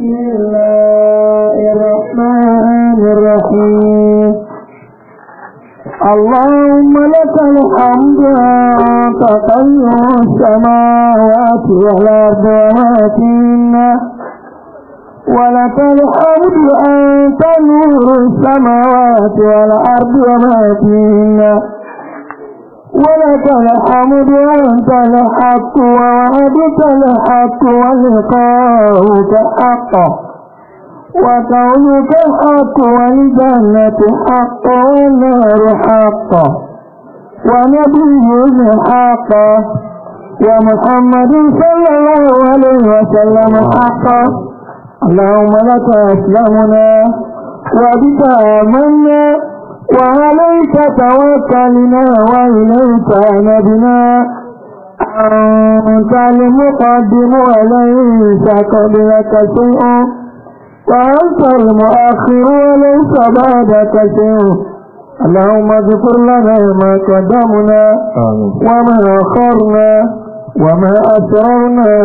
بسم الله الرحمن الرحيم اللهم لك الحمد تطير السماوات والأرض وما فيهن ولك الحمد أن تنور السماوات والأرض وما فيهن ولك الحمد وأنت الحق ووعدت الحق ولقاؤك حق وكونك حق والجنة حق والنار حق ونبي حق ومحمد صلى الله عليه وسلم حق اللهم لك أسلمنا وبك آمنا وعليك توكلنا وإليك أنبنا أنت المقدم وليس قبلك شيء وأنت المؤخر وليس بعدك شيء اللهم اغفر لنا ما قدمنا وما أخرنا وما أسررنا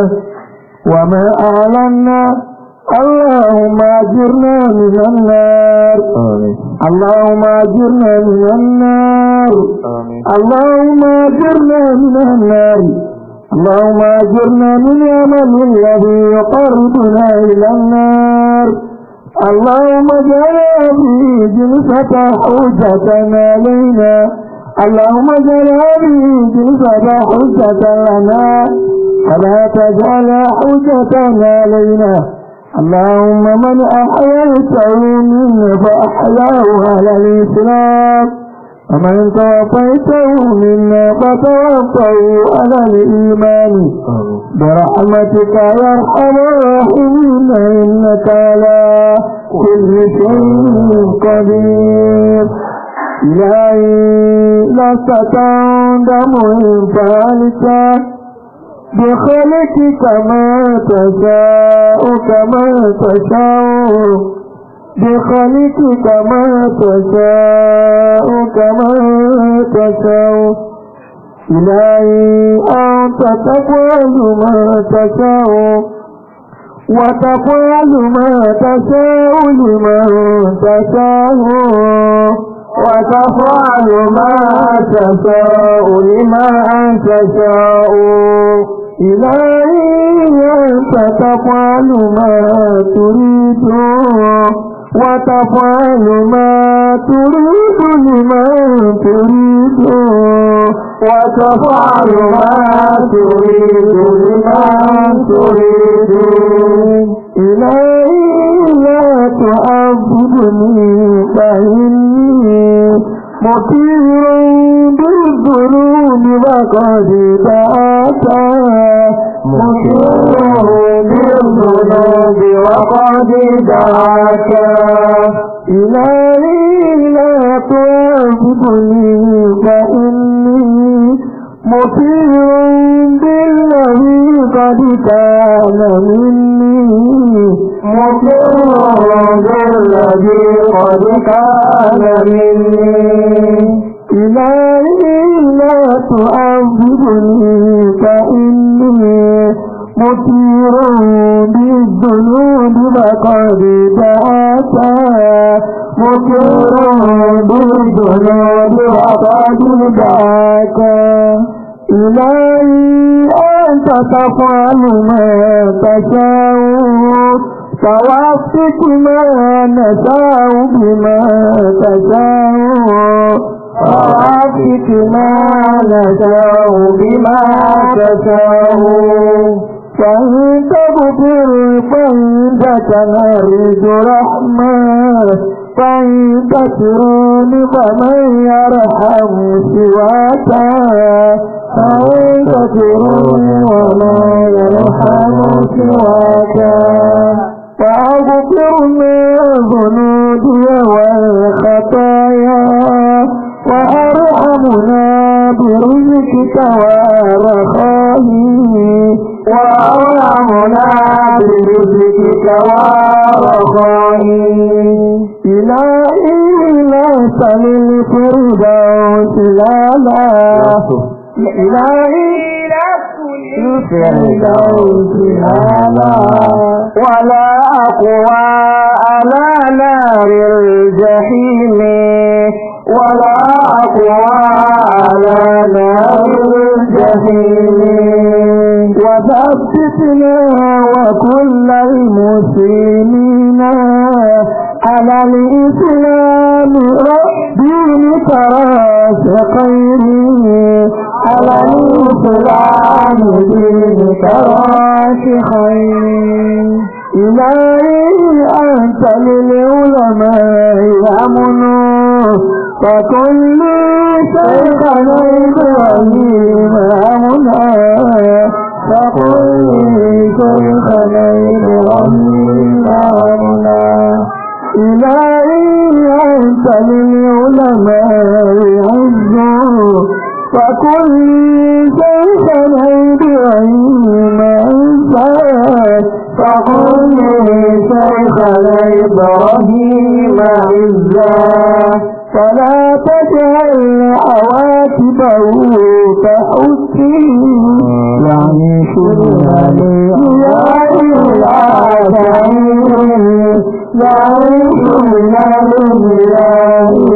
وما أعلنا اللهم اجرنا من النار آمين. اللهم اجرنا من النار آمين. اللهم اجرنا من النار اللهم اجرنا من العمل الذي يقربنا الى النار اللهم اجعل هذه جلسة حجة علينا اللهم اجعل هذه جلسة حجة لنا فلا تجعل حجة علينا اللهم من أحييت من فأحياه على الإسلام ومن توفيته منا فتوفه على الإيمان برحمتك يا أرحم الراحمين إنك على كل شيء قدير إلهي لست تندم إن فعلت بخلقك ما تشاء كما تشاء بخلقك ما تشاء كما تشاء إلهي أنت تفعل ما تشاء وتفعل ما تشاء لمن تشاء وتفعل ما تشاء لما تشاء إلهي أنت تفعل ما تريد وتفعل ما تريد لمن تريد وتفعل ما تريد لمن تريد إلهي لا تعبدني فإن مطير بالظلوم وقد تأتى مطير بالظلوم وقد تأتى إلهي لا تعبدني فإني مطير بالذي قد كان مني مطيرا الذي قد كان مني إلهي لا تعذبني فإني مطير بالذنوب وقد تعتى مطير بالذنوب وقد تعتى إلهي أنت تفعل ما تشاء فوفق ما نشاء بما تشاء فوفق ما نشاء بما تشاء فإن تغفر فإنك نرجو رحمة فإن تكرم فمن يرحم سواك فأنت ترني ولا يرحم سواك فأغفرني ذنوبي والخطايا وأرحمنا برزقك ورخائي وأرحمنا برزقك ورخائي إلهي ليس للفردوس لا لا إلهي يسند أوتهانا ولا أقوى على نار الجحيم ولا أقوى على نار الجحيم وثبتنا وكل المسلمين على الإسلام ربي تراس الخلال بالكرات خير إلهي أنت للعلماء أمن فكل شيخ إبراهيم أمنا فكل شيخ إبراهيم أمنا إلهي أنت للعلماء عزه فكنتم سمعي بعلم الزاد فكنتم سمعي إبراهيم عزا فلا تجعل عواقبه كحسي يعني شمال يعني لا تعيد يعني شمال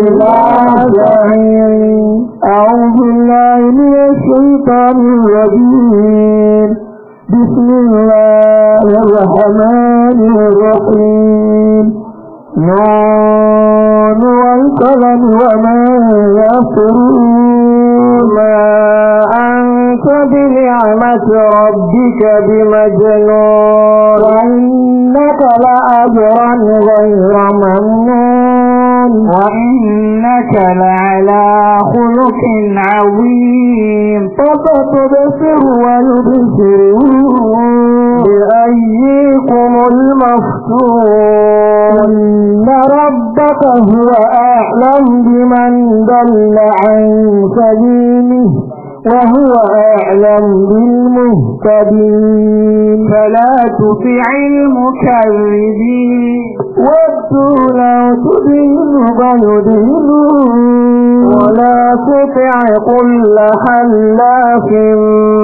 لا تعيد أعوذ بالله من الشيطان الرجيم بسم الله الرحمن الرحيم نون والقلم وما يفرون أنت بنعمة ربك بمجنون وإنك لأجرا غير ممنون وإنك لعلى خلق عظيم فتبصر والبصر بأيكم المفتون إن ربك هو أعلم بمن ضل عن سبيله وهو أعلم بالمهتدين فلا تطع المكذبين أردت لو تدين فيدين ولا تطع كل حلاف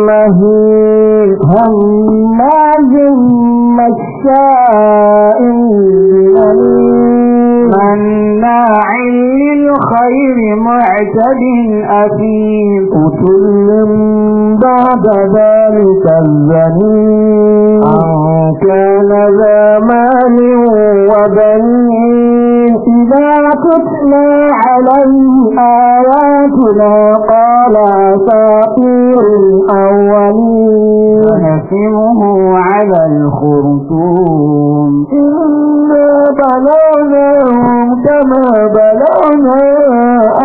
مهين هماز مشاء بنميم مناع للخير معتد أثيم أتل بعد ذلك الزنين أن كان ذا مال وبنين إذا تتلى عليه آياتنا قال أساطير الأولين نسمه على الخرطوم إنا بلوناهم كما بلغنا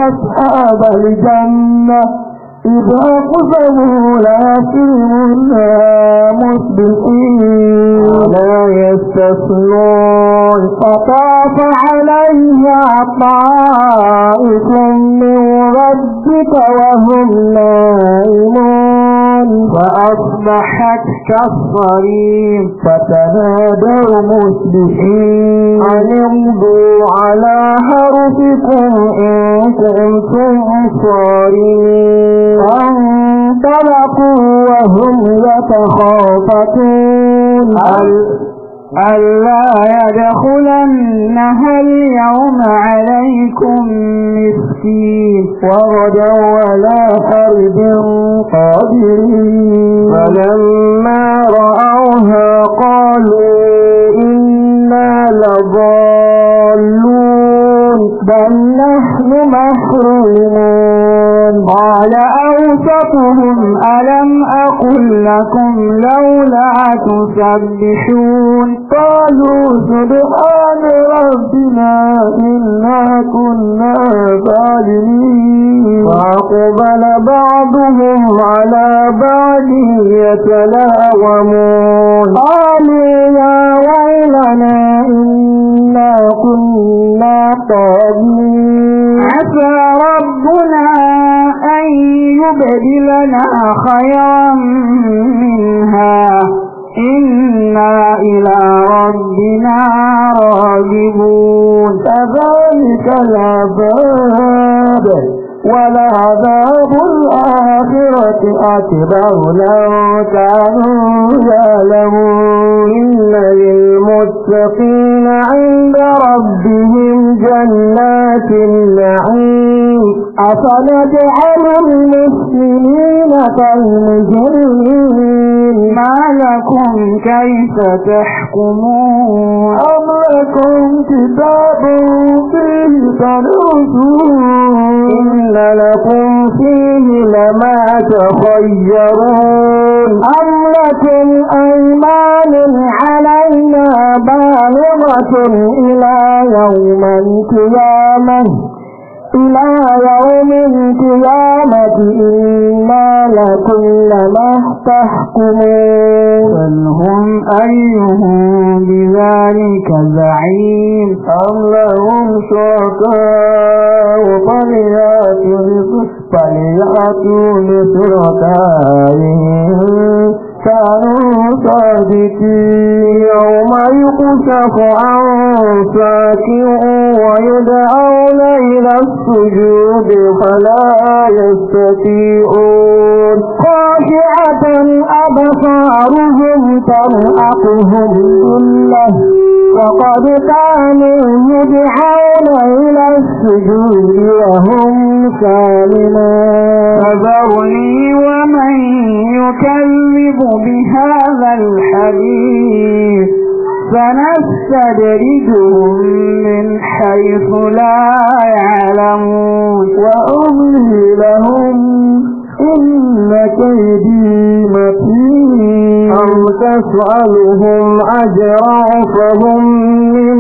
أصحاب الجنة إذا قسموا لا يسلمنا مسبقين لا يستثنون فطاف عليها طائف من ربك وهم نائمون فأصبحت كالصريم فتنادوا مصبحين أن على حرفكم إن كنتم صارين فانطلقوا وهم يتخافتون ألا يدخلنها اليوم عليكم مسكين وغدوا ولا حرب قادرين فلما رأوها قالوا إنا لضالون بل نحن محرومون قال أوسطهم ألم أقل لكم لولا تسبحون قالوا سبحان ربنا إنا كنا ظالمين فأقبل بعضهم على بعض يتلاومون قالوا يا ويلنا إنا كنا طالبين عسى ربنا أن يبدلنا خيرا منها إنا إلى ربنا راجبون فذلك العذاب ولعذاب الآخرة أكبر لو كانوا يعلمون إن للمتقين عند ربهم جنات النعيم أفنجعل المسلمين كالمجرمين ما لكم كيف تحكمون أم لكم كتاب فيه تنوزون وأن لكم فيه لما تخيرون أم لكم أيمان علينا بالغة إلى يوم القيامة إلى يوم القيامة إنا لكل ما تحكمون بل هم أيهم بذلك زعيم أم لهم شركاء فليأتوا بشركائهم كانوا صادقين يوم يقسف أنفاك ويدعون إلى السجود فلا يستطيعون خاشعة أبصارهم ترأقهم كله وقد كانوا يدعون إلى السجود وهم سالمون فذرني ومن يكذب بهذا الحديث فنستدرجهم من حيث لا يعلمون وأملي لهم إن كيدي متين أم تسألهم أجرا فهم من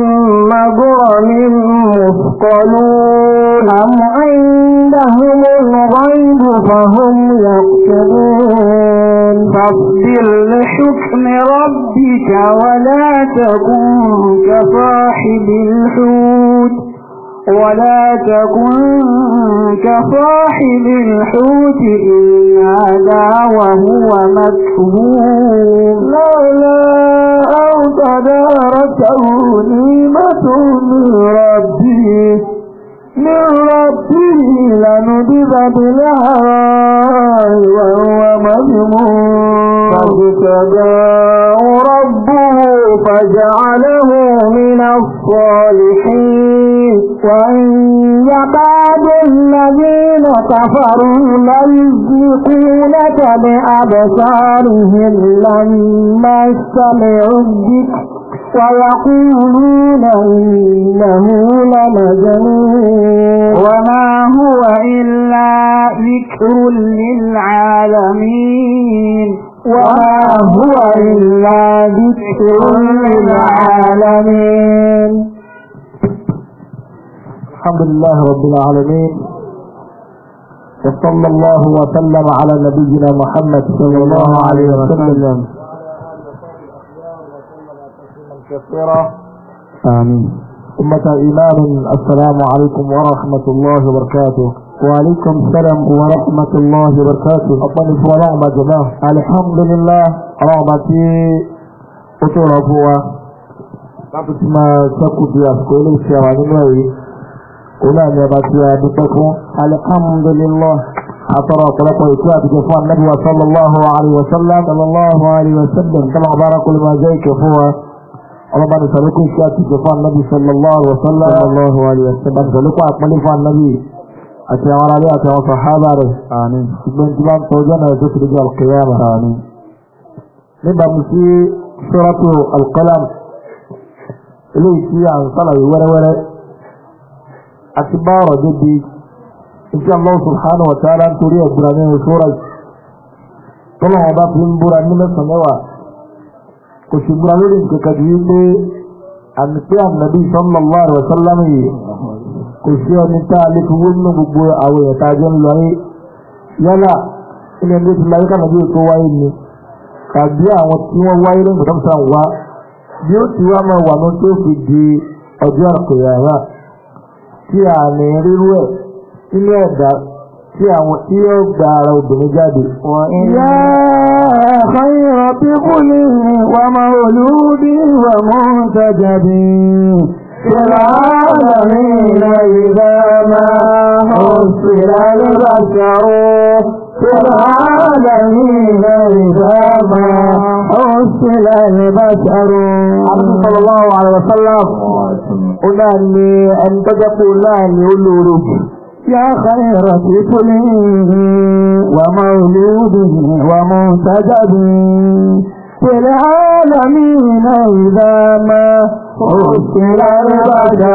مضرم مثقلون أم عندهم الغيب فهم يقتلون فاصبر لحكم ربك ولا تكن كصاحب الحوت ولا تكن كصاحب الحوت إن هذا وهو مكهوم لولا أو تداركه نيمة من ربه من ربه لنبذ بالهواء وهو مذموم فاجتباه ربه فاجعله من الصالحين وإن يكاد الذين كفروا ليزلقونك بأبصارهم لما استمعوا الذكر ويقولون إنه لمجنون وما هو إلا ذكر للعالمين وما هو إلا ذكر للعالمين الحمد لله رب العالمين وصلى الله وسلم على نبينا محمد صلى الله عليه وسلم كثيرا آمين أمة الإيمان السلام عليكم ورحمة الله وبركاته وعليكم السلام ورحمة الله وبركاته الطنف ورحمة الله الحمد لله رحمتي أتورا فوا قبل ما تكو بي أفكو إلي سيران الله قولا نباتي أبتكو الحمد لله أترى طلقوا إتواب جفوا النبي صلى الله عليه وسلم صلى الله عليه وسلم كما بارك لما زيك فوا ọlọ́ba ní sọ̀rọ̀kùn kí a ti fẹ́ fún anábì sallallahu alaihi wa sallam sọ̀rọ̀kùn àpọ́nlé fún anábì àti àwọn aráàlú àti àwọn sàhábà rẹ̀ ṣùgbọ́n tí wọ́n ń tọ́jú ọ̀nà ẹ̀jọ́ kìlógì alkiyama. níbàámu sí suratu alqalam eléyìí tí à ń sàlàyé wẹ́rẹ́wẹ́rẹ́ àti bá ọ̀rọ̀ débi iṣẹ́ Allah subhanahu wa ta'ala ń torí ẹ̀gbọ́n yìí tọ́lọ́wọ́n bá fi ń búra ní mẹ́sàn kò sì múra lórí nǹkan kan ju wípé àmì pé ànàbí sallallahu alaihi wasallam yìí kò sí ọni tá a lè fi wó nínú gbogbo àwọn ẹ̀ta jọ ń lọ yìí yálà ilẹ̀ ní oṣù láyé kànáà bí o tó wáyé ni tàbí àwọn tí wọ́n wáyé lẹ́yìn tó sàn wá bí ó ti wá máa wà ní tó fi di ọjọ́ àkùyàrá tí a ní rírú خير طفل ومولود ومنتجب في العالمين إذا ما حصل البشر في العالمين إذا ما حصل البشر صلى الله عليه وسلم قلنا أن تجفوا الله أن يقولوا يا خير طفله ومولوده ومنتجب في العالمين إذا ما أسر البشر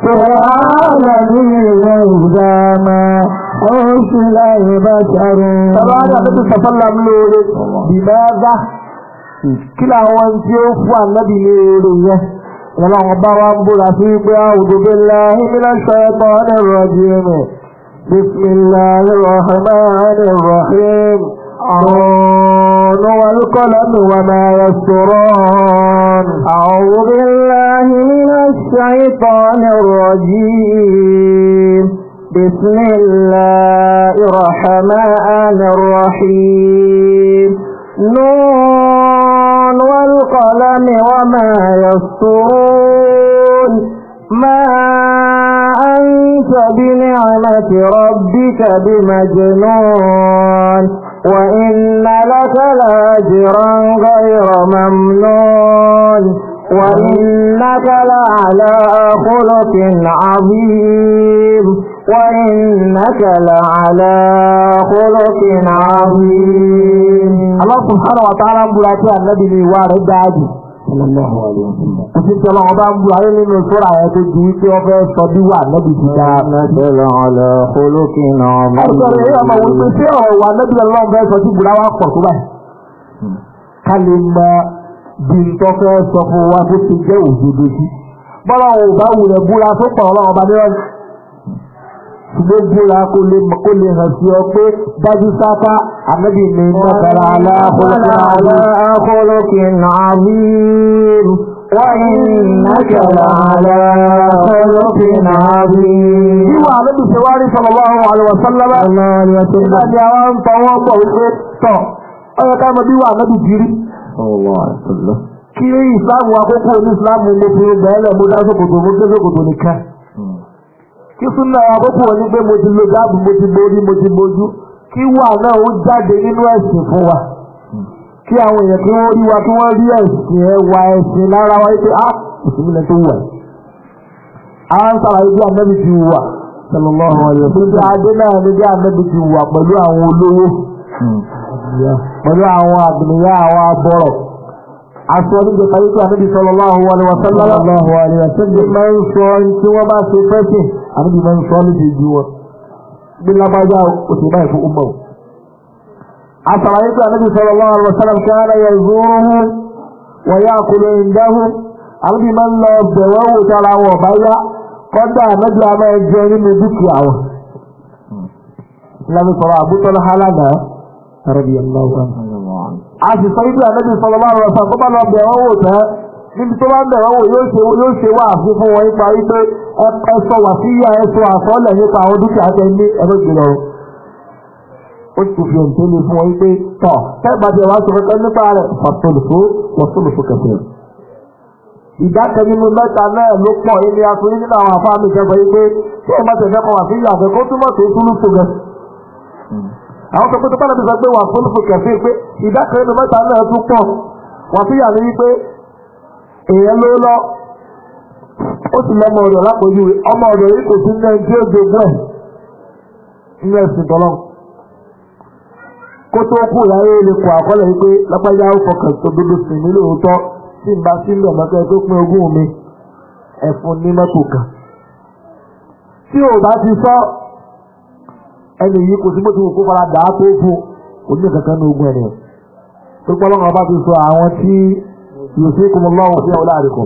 في العالمين إذا ما أسر البشر طبعا أخذ تسلم لولد بماذا كلا هو أنت يوفو النبي لولد ولعبر رب العفيق أعوذ بالله من الشيطان الرجيم بسم الله الرحمن الرحيم أرون والقلم وما يسترون أعوذ بالله من الشيطان الرجيم بسم الله الرحمن الرحيم نون والقلم وما يسطرون ما أنت بنعمة ربك بمجنون وإن لك لاجرا غير ممنون وإنك لعلى خلق عظيم وإنك لعلى خلق عظيم subhanahu wa ta'ala ń búra pé ànábì ní ìwà rẹ̀ dáa jù. Àti tí ọlọ́run bá ń bu ayé nínú sóra ẹ̀ tó ju wípé ọ fẹ́ sọ bí wà lẹ́bi ti dá. Nàìjíríà ọ̀lẹ̀ olókè náà máa ń lò. Ọ̀sẹ̀ rẹ̀ yóò máa wípé tí ọ̀rọ̀ wà lẹ́bi lọ́wọ́ fẹ́ sọ tí bùrá wa pọ̀ tó báyìí. Ká lè mọ bí n tọ́ fẹ́ sọ fún wa tó ti jẹ́ òdodo sí. Bọ́lá òun bá wù rẹ̀ búra tó pọ̀ ọlọ́run bá dé ọ̀sẹ̀ ṣùgbọ́n búra kó lè mọ̀ kó lè hàn sí ọ pé dájú sáfá ànábì ní mọ́tàlá aláàkọ́lọ́kìn àbíru Ìwà àlébì ṣe wá rí sallallahu alaihi wasallam. Nígbà ni àwọn ń pa wọ́n bọ̀ wípé tọ̀, ọyọ ká mọ bí wà àlébì jírí. Kí ìsáàmù akókò ní ìsáàmù mo fi bẹ̀ẹ́lẹ̀ mo dá sókòtò mo dé sókòtò nìkan. kí súnà àkókò wọn ní pé mo ti lo dáàbò mo ti borí mo ti bojú kí wà náà ó jáde nínú ẹ̀sìn fún wa kí àwọn èèyàn kí wọ́n rí wa kí wọ́n rí ẹ̀sìn ẹwà ẹ̀sìn lára wa á ah, tó wà. àwọn sàlàyé bí anábì ti wà adé náà ni bí anábì asọ́dúnjẹ kàríkà níbi sallallahu alaihi wa sallam. sallallahu alaihi wa sallam. máa ń sọ tí wọ́n bá ṣe fẹ́sẹ̀ àbíbi máa ń sọ níbi ìjú wọn. bí lábájá òtò báyìí fún umar. asàlàyé pé àníbi sallallahu alaihi wa sallam kí ara yẹ zóòrùn a sì sọ ibi àlejò sọlọ bá rọrọ sọ tó bá lọ bẹ̀ wọ́n wò tẹ́ níbi tó bá bẹ̀ wọ́n wò yóò ṣe yóò ṣe wá àfi fún wọn nípa wípé ẹ sọ wà sí yíyá ẹ sọ àsọlẹ̀ nípa àwọn dúkìá tẹ ní ẹgbẹ́ jùlọ ó ti fi ẹ̀ǹtẹ́ lè fún wọn wípé tọ̀ tẹ́gbà tí ẹ wá sọ pé nípa rẹ̀ fàtòlùfó fàtòlùfó kẹsẹ̀. ìdá kan nínú mẹ́ta náà ló pọ̀ ilé aṣojú nínú àwọn àfáàmì àwọn sọ pé tó bá nàbí sọ pé wà fún fún kẹfí pé ìdá kan mẹ́ta náà tún pọ̀ wà fi ní wípé èèyàn ló lọ ó sì lọ́mọ ọ̀dọ̀ lápòjú ọmọ ọ̀dọ̀ yìí kò sí ní ẹni tí ó jogún ẹ̀ nínú ẹ̀sìn tọ́lọ́ kó tó kú lè kọ lápájá ẹni yìí kò sí bó ti wò kó fara dà á tó fún òní kankan ní ogun ẹni tó gbọ́ lọ́wọ́ bá ti sọ àwọn tí yóò sí kò mọ́ lọ́wọ́ sí ọ̀la àdìkù.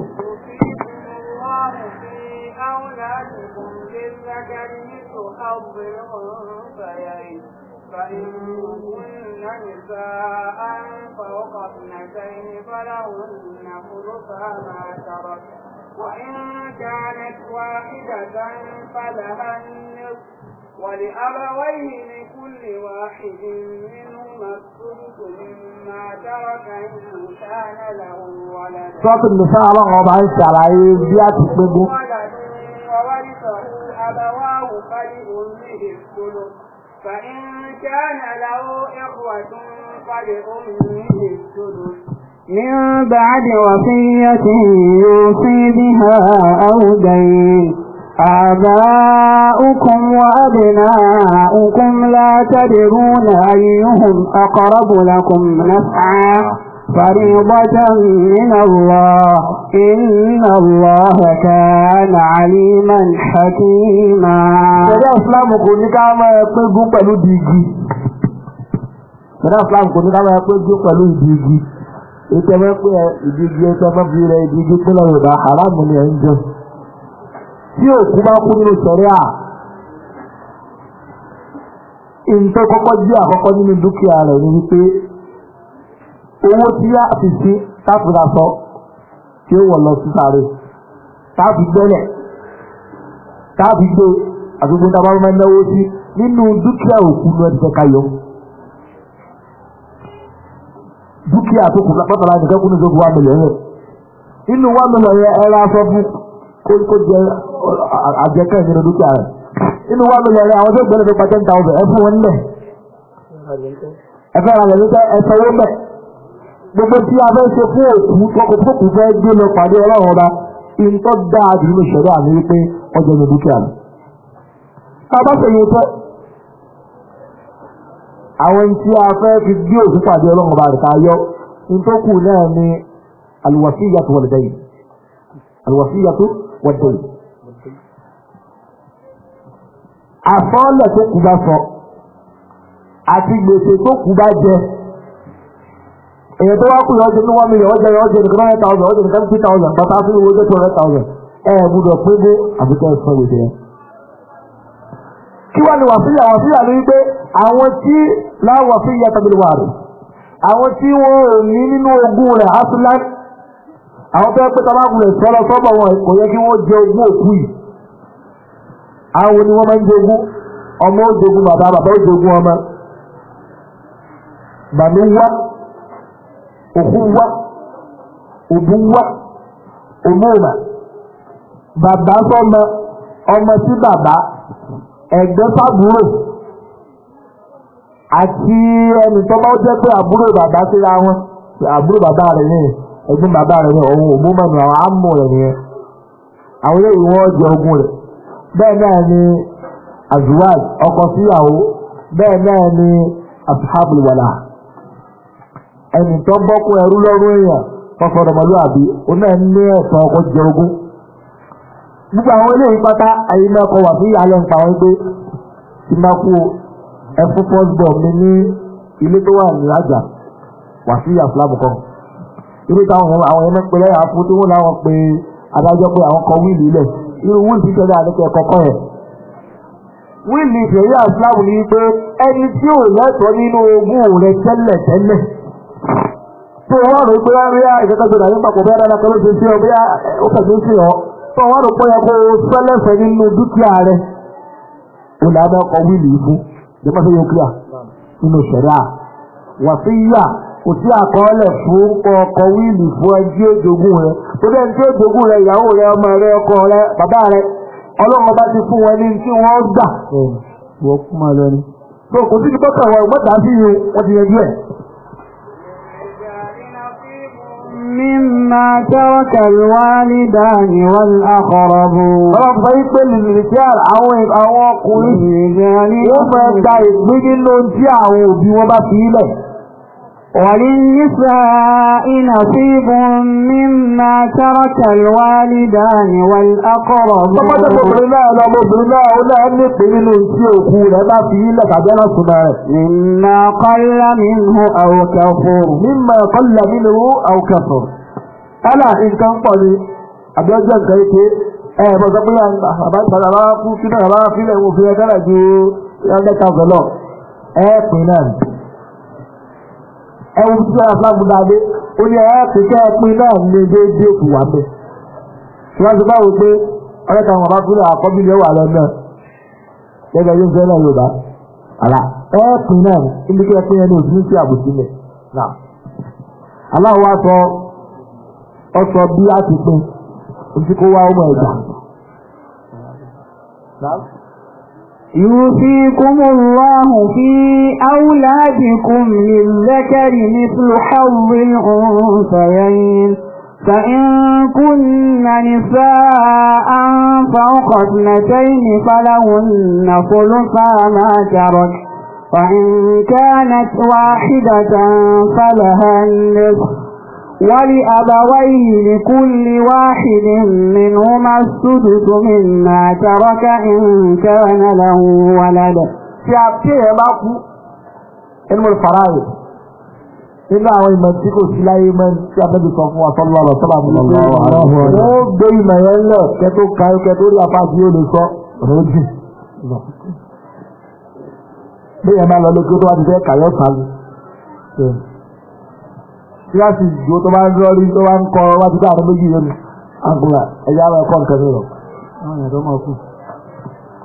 وإن كانت واحدة فلها النصف ولأبويه لكل واحد منهما السدس مما ترك إن كان له ولد. صوت النساء على غضب عن على بيعت الصدق. ولد وورثه أبواه فلأمه الثلث فإن كان له إخوة فلأمه الثلث. من بعد وصية يوصي بها أو دين آباؤكم وأبناؤكم لا تدرون أيهم أقرب لكم نفعا فريضة من الله إن الله كان عليما حكيما Ṣẹ̀dá Ìsìláàmù kò ní ká máa pé gún pẹ̀lú dìgì. Ṣẹ̀dá Ìsìláàmù kò ní ká máa pé gún pẹ̀lú ìdìgì. Ìtẹ̀wẹ́ pé ìdìgì ẹ̀tọ́ fẹ́ fi rẹ̀ ìdìgì tó lọ rẹ̀ bá haramu ni ẹ̀ ń jẹun. tí òkú bá kú nínú sẹ̀rí à nǹkan kọ́kọ́ àkọ́kọ́ nínú dúkìá rẹ̀ ni wípé owó tí a fi sí táfìlà sọ tí ó wọ̀ lọ sí sáré táàfi gbẹ́lẹ̀ táàfi gbé àgbègbè tá a bá máa náwó sí nínú dúkìá òkú ló fẹ́ ká yọ. dúkìá tó kù lápá nìkan kú ní kó jẹ àjẹkẹ́ nínú dúkìá rẹ̀ inú wa lọlẹ̀ rẹ̀ àwọn tó gbọ́dọ̀ tó pa ten thousand ẹ fún wọn lẹ̀ ẹ fẹ́ ra lẹ́nu tẹ́ ẹ sanwó mẹ́ gbogbo tí a fẹ́ ṣe fún òkú tọkọ tó kù fẹ́ gbé lọ pàdé ọlọ́run ọba ìtọ́ dáa jù nínú ìṣẹ̀dá àmì wípé ọjọ́ nínú dúkìá rẹ̀ bàbá sèyí tẹ́ àwọn tí a fẹ́ fi gbé òkú pàdé ọlọ́run ọba rẹ̀ ká yọ ìtọ́kù náà ni àlùwàsíyàtò wọlé wọ́dẹ̀ yìí. àfọ́ọ́lẹ̀ tó kù bá sọ àti gbèsè tó kù bá jẹ èyàn tó wá kù yọ ọjọ́ ní one million ọjọ́ ọjọ́ nìkan nine thousand ọjọ́ nìkan two thousand bàtà fún ìwé ọjọ́ two hundred thousand ẹ ẹ gbúdọ̀ pé bó àbíkẹ́ ẹ sọ gbèsè yẹn. kí wàá ní wàsíyà wàsíyà ni wípé àwọn tí láwàsíyà tàbí wàrí àwọn tí wọn ò ní nínú ogún rẹ̀ asúláì àwọn fẹ́ pé tabakunlẹ̀ sọ́lọ́ sọ́bọ̀ wọn kò yẹ kí wọ́n jẹ ogún òkú yìí àwọn ni wọ́n máa ń jogún ọmọ ó jogún bàbá bàbá ó jogún ọmọ bàmí wá òkú wá òbú wá òmùmà bàbá sọmọ ọmọ sí bàbá ẹ̀gbẹ́ sábúrò àti ẹnìtọ́ bá jẹ́ pé àbúrò bàbá síra wọn àbúrò bàbá rẹ̀ nìyẹn. ẹgbẹ́ bàbá rẹ̀ ní ọ̀hún òmùmọ̀nù àwọn àmú rẹ̀ ahụ. àwọn eléyìí wọ́n jẹ ogún rẹ̀ bẹ́ẹ̀ náà ni azuwaj ọkọ síyàwó bẹ́ẹ̀ náà ni asuhabul wàlà tó ẹrú lọ́rùn èèyàn ní ọkọ jẹ gbogbo àwọn ayé mẹ́kọ wà sí ìyàlẹ̀ máa kú ẹfún mi ní ilé tó wà ní àjà wà sí ìyà fúlàbù kan. irú táwọn àwọn ẹmẹ pẹlẹ àfún tí wọn làwọn pe adájọ́ pé àwọn kọ wíìlì lẹ irú wíìlì ìjọba àdékẹ kọkọ yẹ. wíìlì ìfẹ̀yà islam ni pé ẹni tí ò lẹ́tọ̀ọ́ nínú ogún rẹ tẹ́lẹ̀ tẹ́lẹ̀ tó wọ́n rò pé wọ́n rí ìkẹ́kọ̀ọ́ ìdàgbé papọ̀ bẹ́ẹ̀ dáadáa kọ́ló sí ọ bẹ́ẹ̀ ó fẹ̀sùn sí ọ tó wọ́n rò pé yẹ kó sẹ́lẹ̀fẹ̀ nínú dúkìá rẹ ó làá mọ́ wíìlì ìfún ìjọba tó yẹ kíá nínú ṣẹ̀ríà wàsíyà kò sí àkọọ́lẹ̀ fún ọkọ wíìlì fún ẹjí òjògùn rẹ tó dẹ́n tí rẹ ìyàwó rẹ ọmọ rẹ ọkọ rẹ bàbá rẹ ọlọ́run bá ti fún wọn ní tí wọ́n gbà. wọ́n kú bọ́tà wọn sí wọ́n ti yanjú ẹ̀. mímá tẹ́wọ́kẹ̀lú wá ní wọ́n àwọn àwọn òbí wọn وللنساء نصيب مما ترك الوالدان والأقربون ọmọ tó tóbi náà lọ́mọ obìnrin náà ó náà ní ìpín nínú tí òkú rẹ̀ bá fi ilẹ̀ kàjẹ́rọ̀ sùn náà rẹ̀. مما قل منه أو كفر. مما قل منه أو كفر. ọ̀là nǹkan pọ̀ ni àbíọ́jọ́ nǹkan ike ẹ̀ bọ̀ sọ́kúnlá àbájáde àbá fún kí náà àbá fílẹ̀ òfin ẹgbẹ́ náà ju ẹgbẹ́ kan fẹ́ lọ ẹ̀ pín náà. ẹwù tí wọn fún agbódàdé ó ní ẹ kíkẹ́ ẹpin náà ní déédéé òkú wà mí. ti báwo pé ọ̀rẹ́ kan bàbá fúnra àkọ́bí lọ náà gẹ́gẹ́ yóò fẹ́ náà Yorùbá àlà ẹpin náà níbi kí ẹpin yẹn ní òtún sí àbùsí mi. aláwọ̀ ọsọ a ti pin يوصيكم الله في أولادكم للذكر مثل حظ الأنثيين فإن كن نساء فوق اثنتين فلهن خلفا ما ترك وإن كانت واحدة فلها النصف ولأبويه لكل واحد منهما السدس مما ترك إن كان له ولد في أبتيه باكو علم الفرائض nínú àwọn ìmọ̀ tí kò sí láyé mọ́ tí abẹ́bí sọ fún wa sọ́lọ́ lọ sọ́lá mi lọ́wọ́ àwọn ó gbé ìmọ̀ yẹn lẹ̀ kẹ́tó kan kẹ́tó rí apá tí yóò lè sọ rẹ́jì. bí yẹn máa lọ lókè tó wá ti fẹ́ kàyọ́ sáré tí wọ́n sì jó tó bá ń rọrí tó bá ń kọ́ wá ti dáàbò méjì yẹn ni àgùnà ẹ̀yà àwọn ẹ̀kọ́ nǹkan mìíràn. àwọn èèyàn tó mọ̀ kù.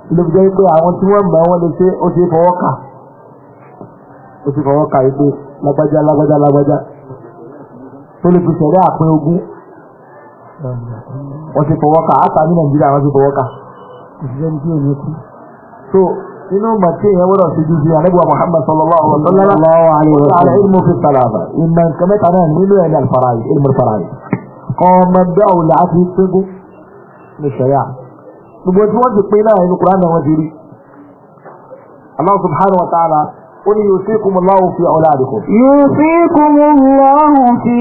ilé fi jẹ́ pé àwọn tí wọ́n mọ̀ wọ́n lè ṣe ó ti fọwọ́ kà ó ti fọwọ́ kà wípé lágbájá lágbájá lágbájá tó lè fi sẹ̀rí àpín ogún wọ́n ti fọwọ́ kà á ta ní Nàìjíríà wọ́n ti fọwọ́ kà. òṣìṣẹ́ ní kí nínú gbàtí ìyẹn wọ́n ti dùn sí àlẹ́gbà Muhammad sallallahu alayhi wa sallam ilmu fi salaba ìmọ̀ nǹkan mẹ́ta náà nínú ẹ̀ ní alfarayi ilmu alfarayi. ọmọ dáwò là á ti pégún ní sẹ́yà gbogbo tí wọ́n ti pín náà inú Kùránì náà ti rí. Allah subhanahu wa ta'ala قل يوصيكم الله في أولادكم يوصيكم الله في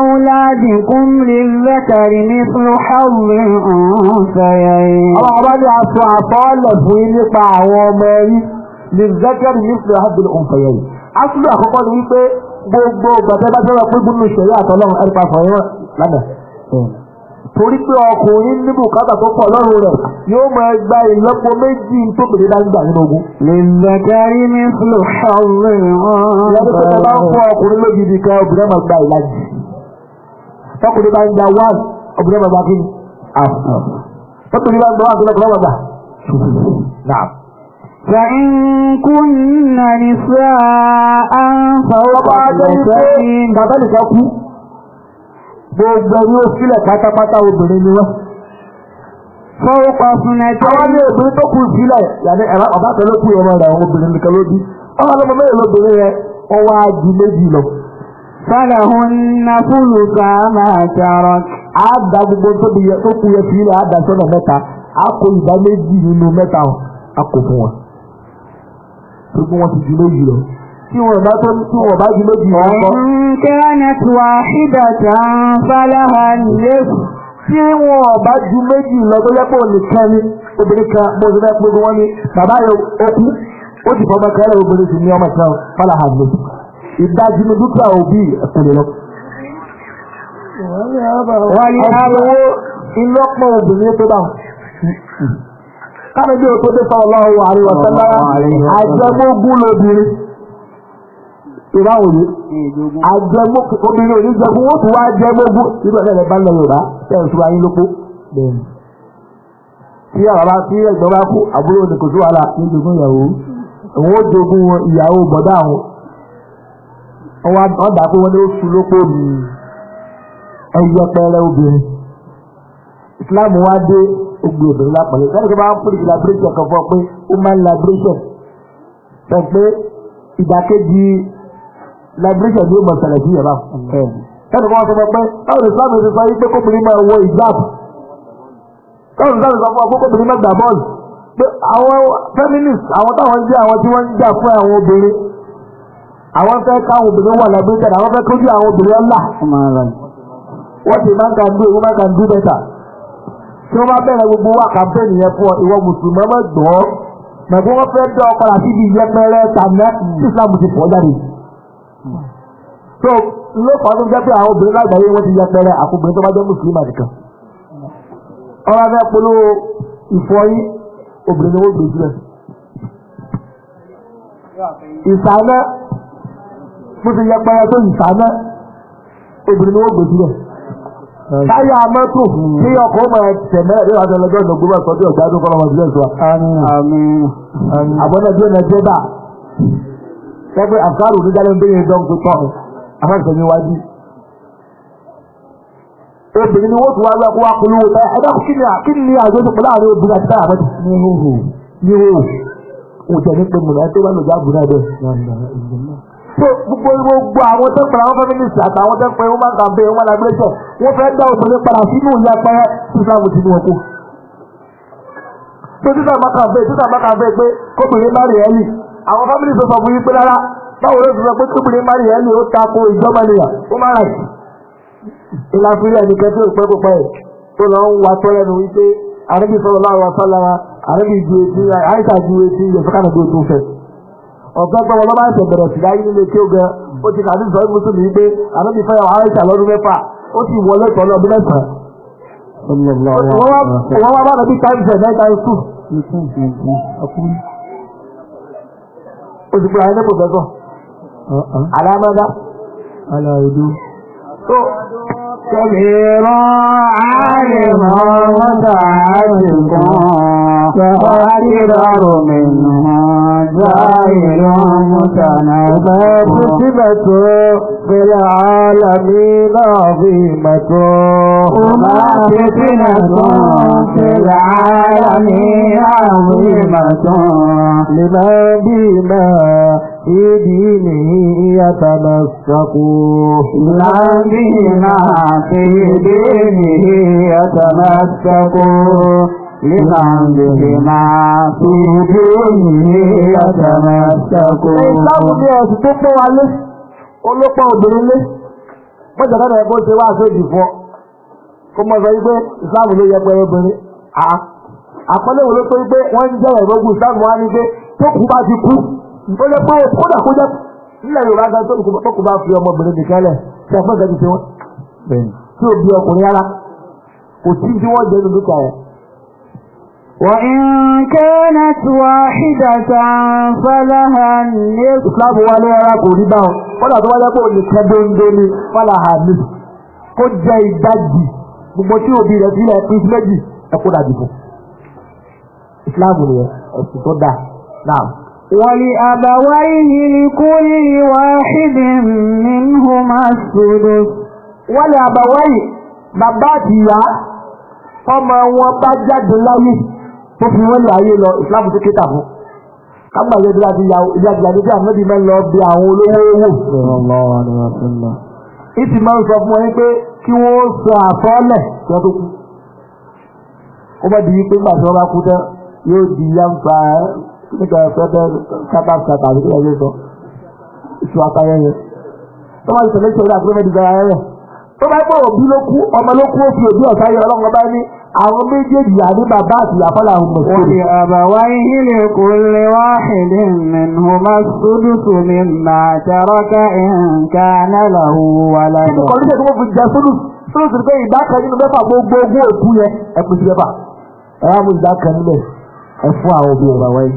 أولادكم للذكر مثل حظ الأنثيين الله يعصى عطال فين للذكر مثل حظ الأنثيين أصل أخبار ويبي بو بو بو بو بو بو بو بو بو بو بو بو torí pé ọkùnrin ní bùkátà tó pọ̀ lọ́rùn rẹ̀ yóò mọ ẹgbà ìlọ́po méjì tó bèrè dáńgbà nínú ogun. lè zàkárí ní fúlò ṣàlùwẹ̀ wọn. ìyàwó tó bá ń fún ọkùnrin lójijì kan obìnrin máa gba ìlàjì. tọkùnrin bá ń gba wán obìnrin máa gba kí ni. tọkùnrin bá ń gba wán obìnrin máa gba. فإن كن gbogbo ẹni ó ka pátápátá obìnrin ni wọ́n. fọwọ́pọ̀ fún ẹjọ́. àwọn ní obìnrin tó kù sílẹ̀ yàrá ẹ̀rọ ọ̀bá kan ló kú ẹ̀rọ rẹ̀ obìnrin nìkan ló bí. ọ̀hún ló mọ bẹ́ẹ̀ lóbìnrin rẹ̀ ó wá di méjì lọ. fọlẹ̀ hun na fúlù a da gbogbo tó bí tó kù yẹ sílẹ̀ a da sọ́nà mẹ́ta a kó ìdá méjì nínú mẹ́ta a kò fún gbogbo tí wọ́n bá tó tí wọ́n bá jù méjì wọn kọ́. kẹ́nẹ̀tì wà ṣídàtà fàlàhà lẹ́sù. tí wọ́n bá jù méjì lọ tó yẹ pé nìkan ni obìnrin kan bó ti fẹ́ pé wọ́n ní bàbá yẹ okú ó ti fọmọ kẹrẹ obìnrin sì ní ọmọ ìsàn fàlàhà lẹ́sù. ìdajì ni dúkìá òbí ẹ̀kọ́lẹ̀ lọ. ọ̀sìnwó ìlọ́pọ̀ obìnrin tó bá wọn káàdì bí o tó dé sọ ọlọ́run àríwọ̀ sẹ́gbára àjẹmógún lóbìnrin ìrà òní àjẹmó obìnrin òní jẹ fún wọn tún wá jẹ gbogbo nínú ẹlẹ́rẹ̀ bá lọ yorùbá bẹ́ẹ̀ sọ ayé lóko. tí àbábá tí ẹ̀gbọ́n bá kú àbúrò ní kò sí wàhálà ní jogún ìyàwó òun ó jogún ìyàwó bọ̀dá àwọn wọ́n dà pé wọ́n ní oṣù lóko ní ẹyẹ pẹrẹ obìnrin Islam wá dé ogbè obìnrin lápẹ̀lẹ̀ sẹ́ni tó bá ń pèsè labration kan fún ọ pé human labration sọ pé ìdàkejì liberation ni ó mọ̀ ṣẹlẹ̀ sí yàrá. ẹnì kan sọ pé báwo ni sáàmì ti sọ yí pé kóbìnrin máa wọ ìgbàb báwo ni sáàmì sọ fún wa pé kóbìnrin máa gbà bọ́ọ̀lù pé àwọn feminist àwọn táwọn jẹ́ àwọn tí wọ́n ń jà fún àwọn obìnrin àwọn fẹ́ káwọn obìnrin wà liberation àwọn fẹ́ kójú àwọn obìnrin ọ̀la wọ́n ti máa ń kàn dé ìwọ́n máa ń kàn dé bẹ́tà tí wọ́n bá bẹ̀rẹ̀ gbogbo wà kàmpẹ́ẹ̀nì yẹn fún ọ ìwọ mùsùlùmí ọmọ gbọ́ mẹ̀gbọ́n wọn fẹ́ dán ọkọ̀ àti ibi ìyẹpẹrẹ tànà tí Islam ti fọ́ jáde so ló fà á tó jẹ́ pé àwọn obìnrin lágbàáyé wọ́n ti yẹpẹrẹ àkóbìnrin tó bá jẹ́ mùsùlùmí nìkan ọ̀rọ̀ abẹ́ polówó ìfọyín obìnrin ni wọ́n gbé sílẹ̀ ìsàmẹ́ bó ti yẹpẹrẹ tó ìsàmẹ́ obìnrin ni wọ́n gbé sílẹ̀ táyà mẹ́tò kí ọkọ̀ ọmọ ẹ̀tẹ̀mẹ́ ẹ̀rọ àtẹlẹgbẹ́ ọ̀nà gbogbo ẹ̀sọ́ tí ọ̀gá tó kọ́ ọmọ sílẹ̀ sọ. àbọ̀nà bí ọ̀nà jẹ́ bá ẹgbẹ́ àfikàrò onídàálẹ́ ń bẹ́yẹn dán pé tọ́ afẹ́fẹ́ mi wájú. obìnrin ni wọ́n tún wá lọ kó wá polówó báyà ẹ̀dá kí ni kí ni àjọṣe pẹ̀lú àwọn obìnrin àti báyà bẹ́ẹ̀ ní hóhó ní hóhó òjò ní pé mùnà tó bá lòdì àgùnà bẹ́ẹ̀. so gbogbo gbogbo àwọn tó pẹ̀lú àwọn feminist àtàwọn tó pẹ̀lú woman campaign woman liberation wọ́n fẹ́ dá obìnrin padà sínú ìyá pẹ́rẹ́ sísá mo ti ní wọn kó. so sísá mọ́kànfẹ́ sísá mọ́kànfẹ́ pé kóbìnrin bá rẹ̀ ẹ́ yìí àwọn feminist sọ fún yín pé rárá báwo ló ti sọ pé tóbìnrin máa yẹ ẹni ó tako ìjọba nìyà ó máa rà sí. ìlàfíà ní kẹfí òpẹ́ kò pẹ́ tó lọ ń wa tọ́lẹ̀ nu wípé àrẹ́bí sọ̀rọ̀ láwọn afọ́lára àrẹ́bí ju etí àìsà ju etí fẹ́. ọ̀gá gbọ́dọ̀ lọ́ba ẹ̀sẹ̀ bẹ̀rẹ̀ sí láyé nílé kí ó ó ti kàdí sọ ibùsùn mi pé àrẹ́bí fẹ́ àìsà على ماذا؟ على وجوه كبيرا عالما متعلقا فأكبر منها جاهل متنبه كتبته في العالمين عظيمة وما فتنة في العالمين عظيمة لمن بما في دينه يتمسكوه الذين في دينه يتمسكوه Lílàndìmá tí bí ní ẹ̀tẹ̀mẹ́sẹ̀kú. Ìsáwùdí ẹ̀sì tó pọ́ wa lé, olópa obìnrin lé, pẹ́jọ̀dá rẹ̀ bó ṣe wá sójì fọ́. Kó mọ́ sọ wípé ìsáàmù ló yẹpẹ obìnrin. Àpọ́lẹ̀wò ló pé wípé wọ́n ń jẹ́ ẹ̀rọ́gùn ìsáàmù wá ní pé tó kú bá ti kú ó pé kódà kó jẹ́ nílẹ̀ Yorùbá gan tó kò bá fi ọmọbìnrin nìkan tí a fẹ́ gẹ́gẹ́ ti wọ́n tí ó bí ọkùnrin ara kò tí tí wọ́n jẹ́ nínú kan. وإن كانت واحدة فلها النصف إسلام ولا يقول بهم ولا ولا يقول كدون دوني فلها النصف kó jẹ́ ìdajì gbogbo tí òbí rẹ̀ sílẹ̀ pín méjì ẹ̀kọ́ dàbí fún. Islam nìyẹn ẹ̀sìn tó dáa náà. ولأبويه لكل واحد منهما السدس ولأبويه bàbá àti ìyá ọmọ wọn bá jáde láyé tó fi wọ́n lè ayé lọ ìsìláàmù tó kéta fún kágbàgbé bí láti yàgbé àdébí àmọ́bí máa ń lọ bí àwọn olówó wò. ìtì máa ń sọ fún wọn pé kí wọ́n sọ àsọ́ọ́lẹ̀ tí wọ́n tó kú. ó bá di wípé gbàtí wọ́n bá kú tán yóò di yá ń fa nígbà ẹ̀fọ́ bẹ́ẹ̀ sábà sábà àbí kí ẹ̀yẹ sọ ìṣù àtàyẹ yẹn tó bá ìṣẹ̀lẹ̀ ìṣẹ̀lẹ̀ àti mẹ́rin ìgbà ayẹyẹ tó bá pọ̀ òbí ló kú ọmọ ló kú òfin òbí ọ̀sá yẹ ọlọ́run bá ní àwọn méjèèjì àní bàbá àti àfọlà àwọn mọ̀sọ́rọ̀. wọ́n ti àbàwá ilé kò lè wá ṣẹ̀lẹ̀ mẹ́nu má sódù tó mi mà tẹ̀rọ́kẹ́ nǹkan náà lọ́wọ́ wa lọ́wọ́. kí ni kọ́lí tẹ̀síwọ́n fi jẹ sódù sódù tó pé ìdá kan nínú mẹ́fà gbogbo ogún òkú yẹn ẹ pèsè mẹ́fà ẹ wá mú ìdá kan nílẹ̀ ẹ fún àwọn òbí ọ̀bàwá yìí.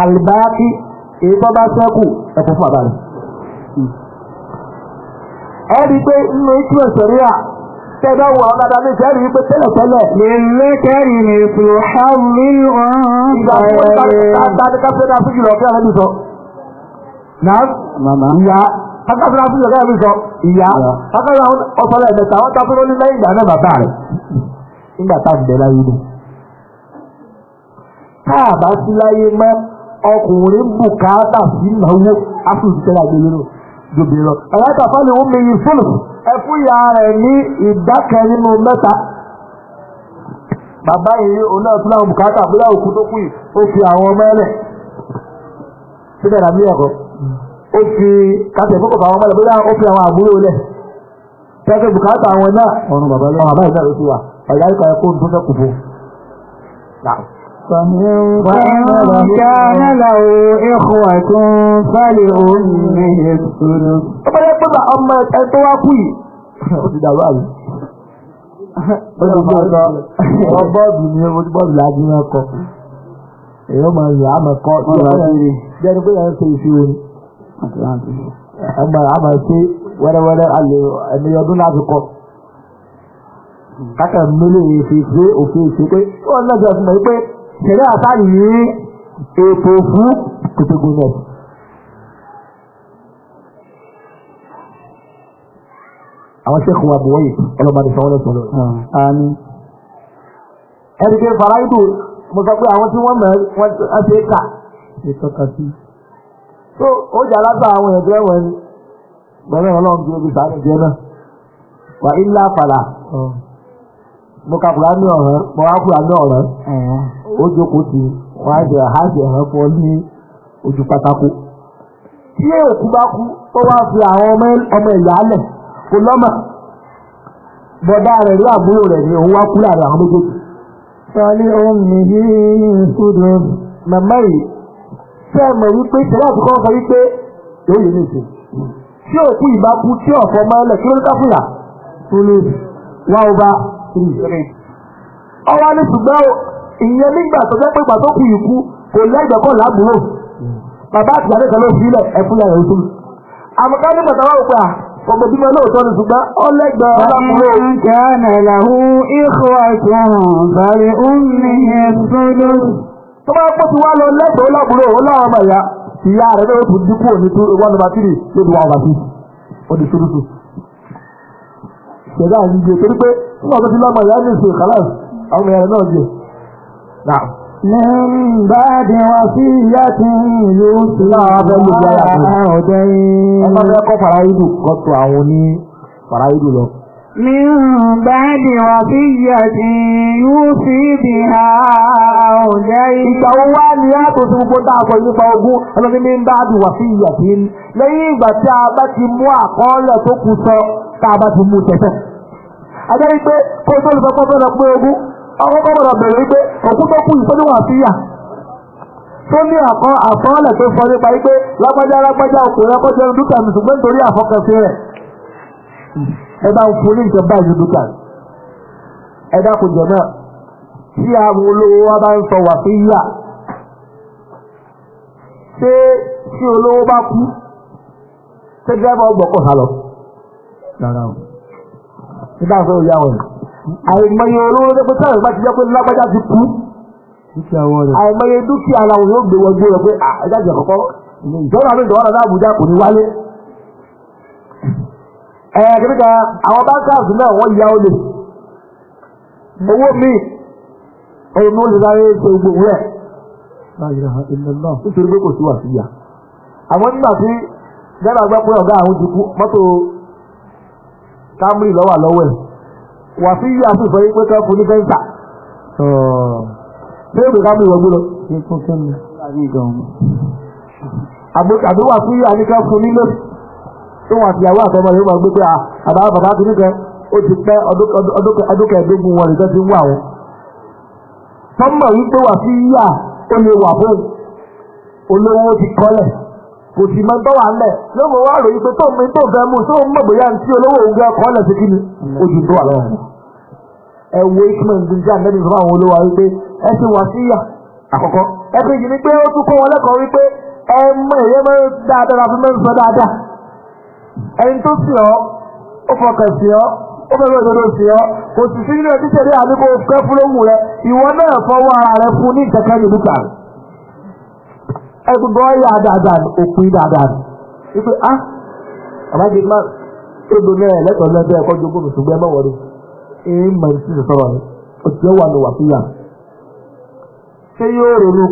àlìbáàkì èyí tó seku sẹ́kù ẹ̀fọ́ fún àbáyé. ẹ pé nínú ìtumọ̀ sọ̀rí à tẹ́lẹ̀ wọ̀ ọ́ dáadáa ní pé tẹ́lẹ̀ tẹ́lẹ̀. kẹ́rì ní ìfìlò ìgbà ọkùnrin bùkátà sí ìnáwó afúnjútẹ́lá ìgbélérò jòbí lọ. ẹ̀yàtà fáwọn ohun meyi fúlù efu ya rẹ̀ ní ìdákẹ́ nínú mẹ́ta. bàbá yìí òun náà tún bùkátà bóyá òkú tó kù yìí ó fi àwọn ọmọ ẹlẹ síbẹ̀ nàbí ẹ̀kọ́ ó fi kàtẹ́ fún àwọn ọmọ bóyá ó fi àwọn àbúrò tẹ́kẹ́ bùkátà àwọn náà ọ̀run bàbá yìí náà ló wà فمن كان له إخوة فلأمه الثلث ọmọ yẹn pẹ́lú ọmọ ẹ̀ tó wá kú yìí ó ti dàrú àlè. ọ bọ́ọ̀dù ni ó ti bọ́ọ̀dù láti máa kọ èyí ó máa lò àmọ́ kọ́ tí wọ́n ti rí bí ẹni pé yẹn ń ṣe ìṣirò ni àmọ́ àmọ́ ṣe wẹ́rẹ́wẹ́rẹ́ àlè ẹni ọdún láti kọ́ kákà mílíọ̀nù ìfìfé òfin ìfipé ó ń lọ́jọ́ fún mi pé ṣẹlẹ̀ àtàlì ní ètò fún kòtògùn náà. àwọn ṣẹ́kù wa bọ̀ wáyé ọlọ́ba ní sanwó lẹ́sọ̀ lọ́wọ́. ẹni pé faraidu mo sọ pé àwọn tí wọ́n mọ̀ ẹ́ ṣe é kà. ṣe tọ́ka sí. tó ó jà lágbà àwọn ẹ̀dọ́ ẹ̀wọ̀n ni bẹ̀rẹ̀ ọlọ́run ti ebi sáré jẹ náà wà ilá fàlà mo ka Kùránì ọ̀rẹ́ mo wá Kùránì ọ̀rẹ́ ó jókòó ti wọ́n á jẹ àhájẹ ẹ̀rọ fún ọ ní ojú pátákó. tí èkú bá kú ó wá fi àwọn ọmọ ìyáálẹ̀ kò lọ́mà bọ̀dá rẹ̀ rí àbúrò rẹ̀ ni òun wá kú láàrin àwọn méjèèjì. sọlí omi yìí ìṣúdù màmá yìí tẹ́ mọ̀ wípé tẹ́lá ti kọ́ sọ wípé èyí ni ìṣe. tí òkú ìbá kú tí ọ̀fọ̀ máa lẹ̀ kí ló ń ká fìyà. wa ọba three three. ọwọ́ ní ṣùgbọ́n ìyẹn nígbà tó jẹ́ pé ìgbà kù ìkú kò lẹ́gbẹ̀kọ́ làbúrò bàbá àti kan ló fi ilẹ̀ ẹ̀kúnlẹ̀ rẹ̀ àmọ́ká nígbà táwọn òpè à ọmọ bímọ lóòótọ́ ni ṣùgbọ́n ọlẹ́gbẹ̀ lẹ́gbẹ̀ẹ́ lábúrò ọlọ́run ọmọ ìyá ìyá rẹ̀ lọ́wọ́ ṣẹ̀dá àyíjẹ torí pé nígbà tó ti lọ́mọ ìyá ní ìṣe kálá àwọn ẹ̀rọ náà jẹ. من بعد وصية يوصى بها أو دين. ọmọ ẹ̀kọ́ fara ìdù kọ́tù àwọn oní fara lọ. من بعد وصية يوصي بها أو دين ìtàwọ́ ni a tó ti gbogbo tá a sọ nípa ogún ọlọ́ni ní ń bá di wàsíyà sí ni lẹ́yìn ìgbà tí a ti mú àkọọ́lẹ̀ tó ti àkọ́ tó nípa ẹ bá ń fún ní nǹkan báyìí dúkà ẹ dákun jẹ náà tí àwọn olówó wa bá ń sọ wà sí yà ṣé tí olówó bá kú ṣé dẹ́rẹ́bà ọgbọ̀kọ̀ sá lọ. rárá o nígbà tó yà wọ̀ àìmọye olówó ló pé tí àwọn ìgbà ti jẹ́ pé lágbájá ti kú àìmọye dúkìá làwọn yóò gbé wọgbé rẹ pé àjájẹ kọ̀kọ́ ìjọba mi ìjọba náà Àbújá kò ní wálé ẹ̀ẹ́dẹ́gbẹ́ kan àwọn bankers náà wọ́n ya olè owó míì òun ló sáré ṣe gbogbo rẹ̀ nítorí pé kò sí wà síyà àwọn nígbà tí ghana gbọ́ pé ọ̀gá àwọn ti kú mọ́tò camry lọ́wọ́ lọ́wọ́ ẹ̀ wà sí yíyá sí ìfọyín pé kẹ́kọ̀ọ́ ní fẹ́ǹsà ṣé èdè camry wọ́n gbúdọ̀. àbí wà sí yíyá ní kẹ́kọ̀ọ́ nílé tó wọn àti ìyàwó àtọmọ rẹ̀ ó máa gbé pé àbá bàbá kìíní kan ó ti pẹ́ ọdún kẹẹ̀ẹ́dógún wọn nìkan ti ń wà wọn. sọ́mọ̀ wípé wà sí yíyà ó lè wà fún olówó ti kọ́lẹ̀ kò sì máa ń tọ́wà ń lẹ̀ yóò mọ̀ wá ròyìn pé tóun mi tó fẹ́ mú tóun mọ̀ bóyá ní tí olówó òun gbé ọkọ̀ lẹ̀ sí kíni ojú tó wà lọ́wọ́ ẹ wo ishmael gbèjà nẹ́bí fún àwọn olówó wípé ẹ ti wà sí yà àkọ́kọ́ ẹ fi yìí ni pé ó tún kó wọn lẹ́kọ̀ọ́ wípé ẹ mọ èyí ẹ dáadáa fún mẹ́rin sọ dáadáa ẹni tó sì ọ́ ó fọkàn sí ọ́ ó fẹ́ bẹ́ẹ̀ lọ́dọ̀ sí ọ́ kò sì sí nínú ìdíjẹ̀rí àdúgbò fẹ́ fúlóhùn rẹ ìwọ náà fọwọ́ ara rẹ fún ní ìkẹ́kẹ́ ní bùkà ẹgbẹ̀gbọ́ yà dáadáa dáadáa má ah, náà ẹ má wọlé rẹ òtí wà ní wà fúyà ṣé yóò ronú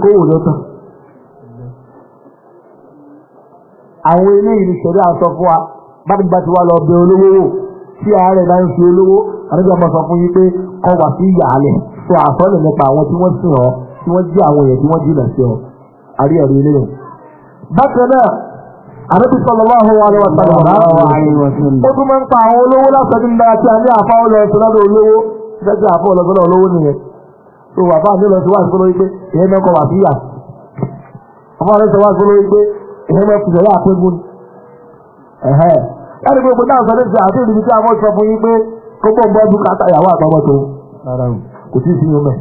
bánigbà tí wàá lọ bẹ olówó wò tí ààrẹ náà ń fi olówó àdúgbò ọmọ sọ fún yín pé kọ́ wà sí ìyàálẹ̀ sọ àsọ́lẹ̀ nípa àwọn tí wọ́n sìn ọ́ tí wọ́n jí àwọn èèyàn tí wọ́n jìnà sí ọ àrí ẹ̀rí ilé rẹ̀. bákan náà àdúgbò sọ̀rọ̀ wà hó wọn lọ́wọ́ sọ̀rọ̀ náà ó tún máa ń pa àwọn olówó lásán nígbà tí a ní àfa ọlọ́ọ̀sán lọ́dọ̀ olówó gẹ́gẹ́ àfa ọlọ́ọ̀sán olówó nìyẹn tó wà fáwọn nílò tí wà sí olóyè pé ìyẹn mẹ́kọ̀ọ́ wà sí ìyà àfa ọlọ́ọ̀sán wà sí olóyè pé ìyẹn mẹ́kọ̀ọ́ láti gbogbo náà sọ lẹ́sẹ̀ àti ìdíbi tí àwọn sọ fún yín pé kó bọ́ bọ́ dúkà táyàwó àtọwọ́ tó kò tí ì sínú mẹ́.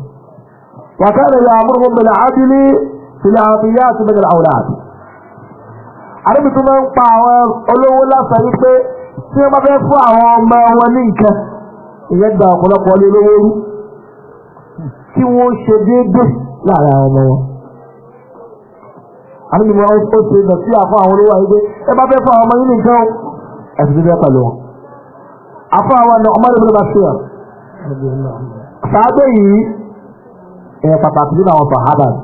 wàkàrẹ̀ yà àmúrùmú mi na ájú ní ìlà àti na àwòrán àti. àdébí tó máa ń pa àwọn olówó lásán pé tí bá fẹ́ fún àwọn ọmọ wọn ní nǹkan ìyẹn gba ọ̀pọ̀lọpọ̀ olówó rú kí wọ́n ṣe láàrin àwọn ọmọ wọn. àdébí wọn ó أسجد يقلوا أفا وأن عمر بن بشير سعدي إيه فتاتلنا وصحابا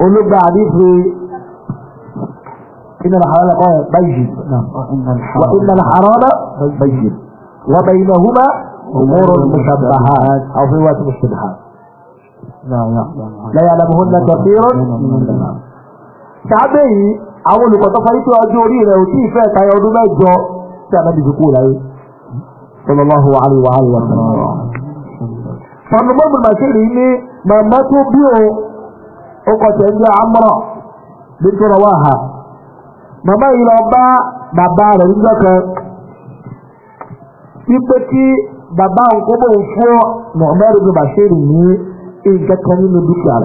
قلوا بعدي في إن نعم. الحرام قوي بيجي وإن الحرام بيجي وبينهما أمور مشبهات أو في وقت مشبهات نعم، نعم، لا يعلمهن كثير سعدي àwọn olùkọ́tọ́ parí pé ọjọ́ orí rẹ̀ ò tí ì fẹ́ ọdún mẹ́jọ tí ànábì fi kú láyé sallallahu alaihi wa alihi wa sallam. sọ̀nùmọ́ bùnà kéde ní màmá tó bí o ó tẹ̀ amúrọ̀ bí tó rọ̀ wá ha. màmá yìí lọ bá bàbá rẹ̀ níjọ́ kan wípé kí bàbá ní nínú dúkìá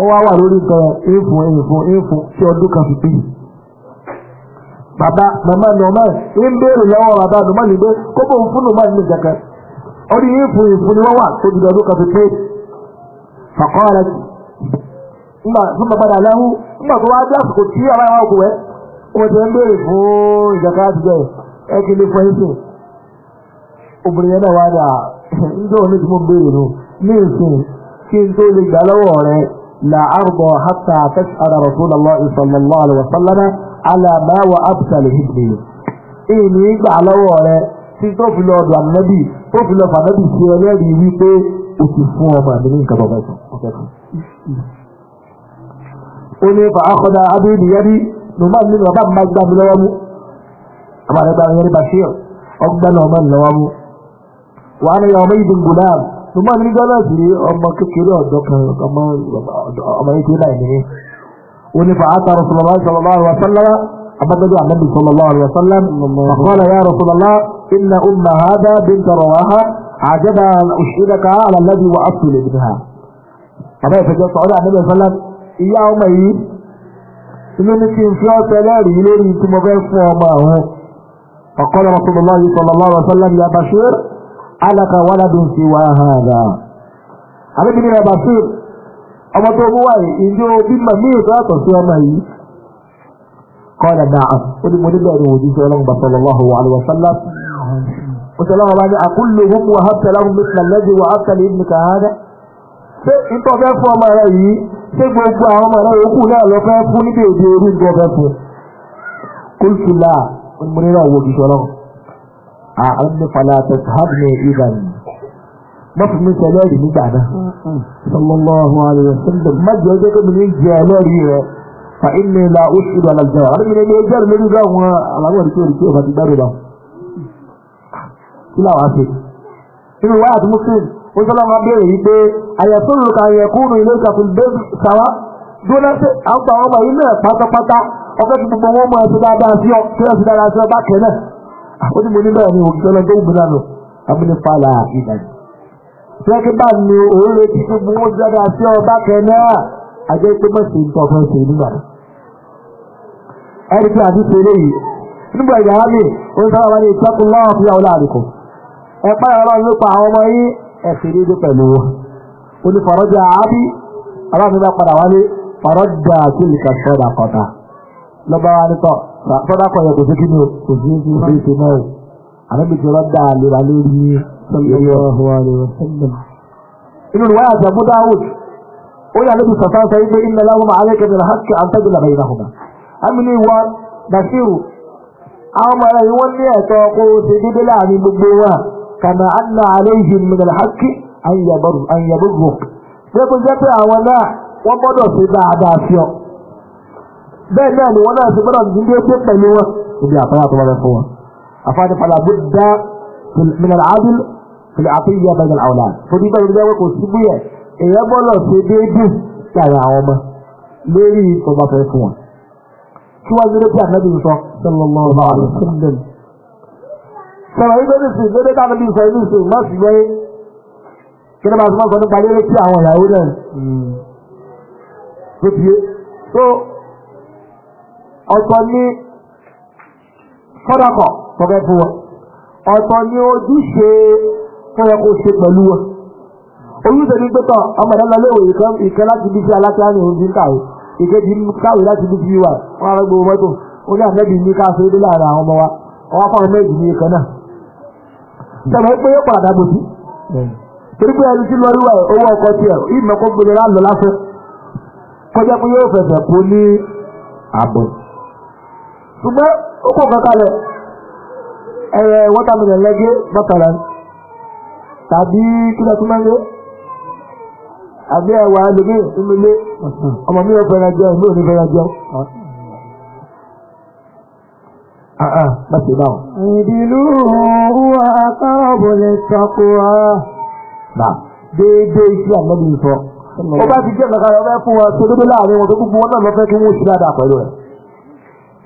ó wá wà lórí gan éèfún éèfún éèfún tí ọdún kan fi bí. Bàbá màmá Nùmá ń béèrè lọ́wọ́ bàbá Nùmá ní pé kó bóun fún Nùmá nínú ìjàkẹ́. Orí éèfún ni wọ́n wà tó di ọdún kan fi bí. Fàkọ́ rẹ̀ nígbà bàbá dà nígbà tó wá dé àsìkò tí àwọn wọ́n ti ń béèrè fún ẹ kì لا أرضى حتى تسأل رسول الله صلى الله عليه وسلم على ما وأبت لهبني إني بعلوه tí tó fi lọ ọ̀dọ̀ ànábì tó fi lọ fànábì sí ẹlẹ́rìí wípé o ti fún ọmọ mi ní nǹkan bàbá ẹ̀sán ọ̀kẹ́kọ̀ọ́. ó ní fa akọ́dà abéèdì yẹ́rí nùmá mi ní ọba mi máa gbá mi lọ́wọ́ mú àbárẹ́gbà yẹ́rí bashir ọgbẹ́ náà ọmọ mi lọ́wọ́ mú. wàá ní ọmọ yìí dín gùnà ṣùgbọ́n ní gálàsì rí ọmọ kékeré ọ̀dọ́ kan ọmọ yìí ti láì nìyí ó ní fàáta rọ̀sọ̀lọ́lá ṣọlọ́lá àwọn sálárà abájọ́jọ́ ànábì ṣọlọ́lá àwọn sálárà àkọọ́lẹ̀ yà rọ̀sọ̀lọ́lá inna umma hada binta rawaha ajada ushiraka ala alladhi wa asli ibnaha baba ifejo sọ̀rọ̀ ànábì sallam ìyá ọmọ yìí inú ní kí n fi ọsẹ lẹ́rìí lórí tí mo fẹ́ fún ọmọ àwọn ọ̀kọ́lẹ̀ rọ̀sọ̀lọ́lá yìí ṣọlọ́lá àwọn sálárà yà bashir alaka waladun fi wa hada àbẹ́bí ní ẹ̀bà sí ọmọ tó mú wáyé ìjọ bímọ ní ètò àtọ̀ sí ọmọ yìí kọ́lẹ̀ náà ó ní mo níbẹ̀ ní òjì sí ọlọ́run bàtọ̀ lọ́wọ́ wa alẹ́ wàsálà ó sọ lọ́wọ́ bá ní àkúlò hún wa hàtẹ́ láwọn mẹ́tìlá lẹ́dí wa hàtẹ́ lè nìkà hádẹ́ ṣé ìtọ́ fẹ́ fún ọmọ rẹ yìí ṣé gbogbo àwọn ọmọ rẹ yòókù náà lọ fẹ́ fún níbi èdè orí nǹkan fẹ́ fún kó a ọmọ falata sáàbù ìgbà ni mọ́fìmí sẹlẹ́rì nígbà náà sallallahu alaihi wasallam mọ́jọ ọjọ́ tó mi ní jẹ́ ẹlẹ́rì rẹ̀ fa inni la oṣù lọ́la jẹ́ wa alẹ́ ní ẹjọ́ lórí bá wọn aláwọ̀ ní kí o bá ti dárò bá kí làwọn á ṣe inú wáyà tó muslim ó sọ́lá máa bẹ̀rẹ̀ yìí pé àyẹ̀fọ́ lóka àyẹ̀kúrò ilé ìkàfún bẹ́ẹ̀ sáwá dúró sí àwọn ọmọ yìí náà pátápátá ọkọ̀ tó gbogbo wọn máa ṣe dáadáa sí ọ ó ní mo ní báyìí ní òkè ọlọ́dún tó wù mí lánàá àmì ní fàlà ìdàgbé. Jẹ́kí bá ní òun retí pé mo ń jáde àti ọba kẹ́nẹ́à àjẹ́ pé mọ̀ sí nǹkan ọ̀fẹ́ ṣe nígbà rẹ̀. Ẹni tí a ti ṣe eléyìí, nígbà ìyá wa ní oṣù sábà wà ní ìtọ́kùn lọ́wọ́ fún yàwó láàrin kù. Ẹ pààyà ọlọ́run nípa àwọn ọmọ yín ẹ̀sìn ní pẹ̀lú wọn. Onífọ̀rọ́jà àábí, aláàfin bá padà wálé, fọ̀rọ́jà sílìkà sọ́dà kọ̀tà. Lọ́ba wa ní tọ́, sọ́dá kan yẹ kò sí kí ni kò sí kí ni ìṣe náà o ànábì tí wọ́n dá àlera lórí sallallahu alaihi wasallam. inú ìwà àti Abu Dawud ó yà lóbi sọ̀tàn sọ pé inna lahum alayka bil haqqi an tajula baynahuma. àmì ni ìwọ Basiru àwọn ọmọ rẹ̀ wọ́n ní ẹ̀tọ́ kó o ṣe dídé láàrin gbogbo wa kàmá anna alayhim min al haqqi an yabaru an yabaru. jẹ́ kó jẹ́ pé àwọn náà wọ́n gbọ́dọ̀ ṣe dáadáa fi ọ́ bẹ́ẹ̀ náà ni wọ́n náà ti gbọ́dọ̀ dídé pé pẹ̀lú wọn ibi àfáà tó wọlé fún wọn. àfáàdé padà gbọ́dá mìíràn àádìl fìlẹ̀ àti ìyá bẹ́ẹ̀ náà ọ̀la. torí bẹ́ẹ̀ ni wọ́n kò sí bí ẹ̀ èèyàn gbọ́dọ̀ ṣe déédé kàrí àwọn ọmọ lórí ìtọ́gbà fẹ́ fún wọn. kí wọ́n gbé bí àtẹ́bí sọ sallallahu alaihi wasallam. sọ̀rọ̀ yìí lórí sí lórí ká níbi ìsọ̀ inú ìsìn mọ́sí lẹ́yìn kí ni màá sọ Ọtọ ni sọ́dọ̀kọ̀ tó fẹ́ fún wọn ọ̀tọ̀ ni ojúṣe tó yẹ ṣe pẹ̀lú wọn ojúṣe ní pẹ́tọ̀ ọmọ ìdánilọ́ léwò ìkan láti bí sí aláṣẹ àmì òun ti ń kàwé ìkejì ń kàwé láti bí sí wọn ọmọ wa ọwọ́ ìkan náà ṣùgbọ́n ó kò kankan lẹ̀ ẹ̀rẹ̀ wọ́tàmìlẹ̀ lẹ́gẹ́ bọ́tàlá tàbí kílẹ̀ tó máa ń lé àbí ẹ̀wà lómi nínú ọmọ mi ò fẹ́ràn jẹun mi ò ní fẹ́ràn jẹun. Àà bá ṣe bá wọn. Ìdìlú wa akọ́rọ̀bù lè sọ́kù wa. Nà déédéé iṣẹ́ àmọ́bí sọ. Ó bá ti jẹ́ kankan lọ fún wa ṣe dédé láàrin wọn tó gbogbo wọn náà lọ fẹ́ kí wọ́n ṣe dáadáa pẹ̀lú rẹ̀.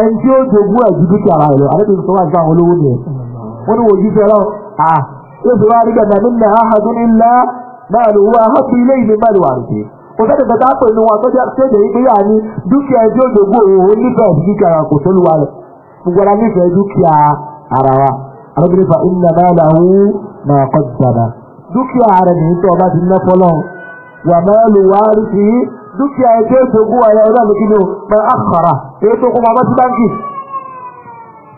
ẹni tí ó jogún ẹ̀ ju dúkìá ara rẹ̀ lọ àdébí nǹkan wà ní àwọn olówó nìyẹn wọ́n ní wò yí fẹ́ lọ́wọ́ à yóò fi wá rí gbàgbà nínú ahadun illa náà ló wá hàn sí ilé ìgbé mẹ́rin wà nìyí kò sẹ́ni kẹta pè ní wọn tọ́jú àtẹ́jọ́ yìí pé yà ní dúkìá ẹni tí ó jogún òun onífẹ̀ẹ́ sí dúkìá ara kò sólúwa rẹ̀ gbogbo ara nífẹ̀ẹ́ dúkìá ara wa àdébí fa inna malahu ma qaddama dúkìá ara nìyí tó ọba ti dúkìá ẹjọ́ ètò ogún ayé ọ̀rẹ́ àlùkìlẹ̀ pẹ̀ àkàrà èyí na kó pamọ́ sí báńkì.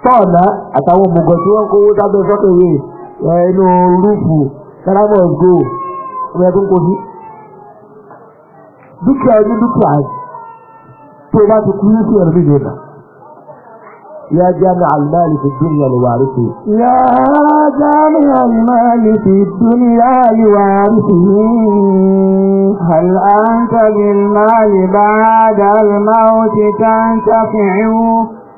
tọ́ọ̀nà àtàwọn òmùgọ̀ tí wọ́n kówó sábẹ́ sọ́kè yìí ẹnu rúfù sálámọ̀ go يا جامع المال في الدنيا لوارثه يا جامع المال في الدنيا لوارثه هل أنت بالمال بعد الموت تنتفع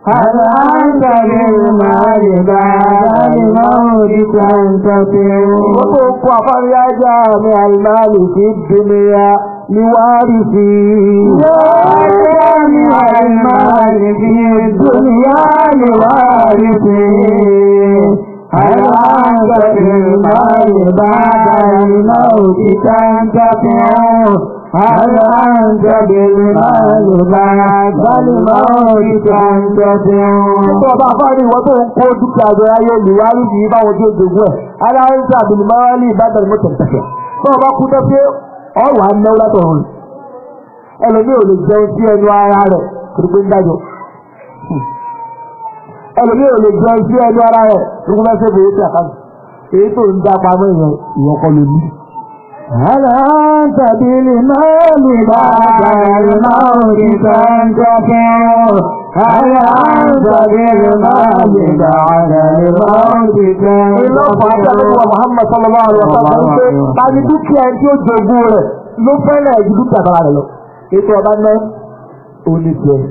هل أنت بالمال بعد الموت تنتفع وقف يا جامع المال في الدنيا لوارثين والمال في الدنيا لوارثين هل أنت في المال بعد الموت تنتفع هل أنت بالمال بعد الموت تنتفع Nígbà bá fà ní ìwọ́n tó ń kó dúkìá jọ ayé olùwárí yìí báwọn tí ó jogún ẹ̀. Aláǹsà bìlìmọ́lì ìbádàn mọ́tẹ̀ntẹ̀fẹ̀. Bọ́ọ̀ bá kú tẹ́ pé ọwà náwó látọ̀rọ̀ rẹ̀ ẹlòmí ò lè jẹun sí ẹnu ara rẹ̀ kìrìkì ń dájọ́ ẹlòmí ò lè jẹun sí ẹnu ara rẹ̀ kìrìkì mẹ́sẹ̀ bèèrè sí àkáǹtì èyí tó ń dá pamọ́ ìyẹn ìyẹn kọ́ ló ní. Aláǹtàbí lè máa lè bá àgbà ìmáà òkè tó ń jọ fún ọ. Ayá ń sàgé máa gbèdà àrẹ ìrọ́ǹdì kan. Iná fàájà lọ́wọ́ Muhammad Sallallahu Alaihi Wasallam ń pé ta ni dúkìá tí ó jogún rẹ̀ ló fẹ́lẹ̀ ju dúkìá kan rẹ̀ lọ. Ètò ọba náà ò ní tiẹ̀.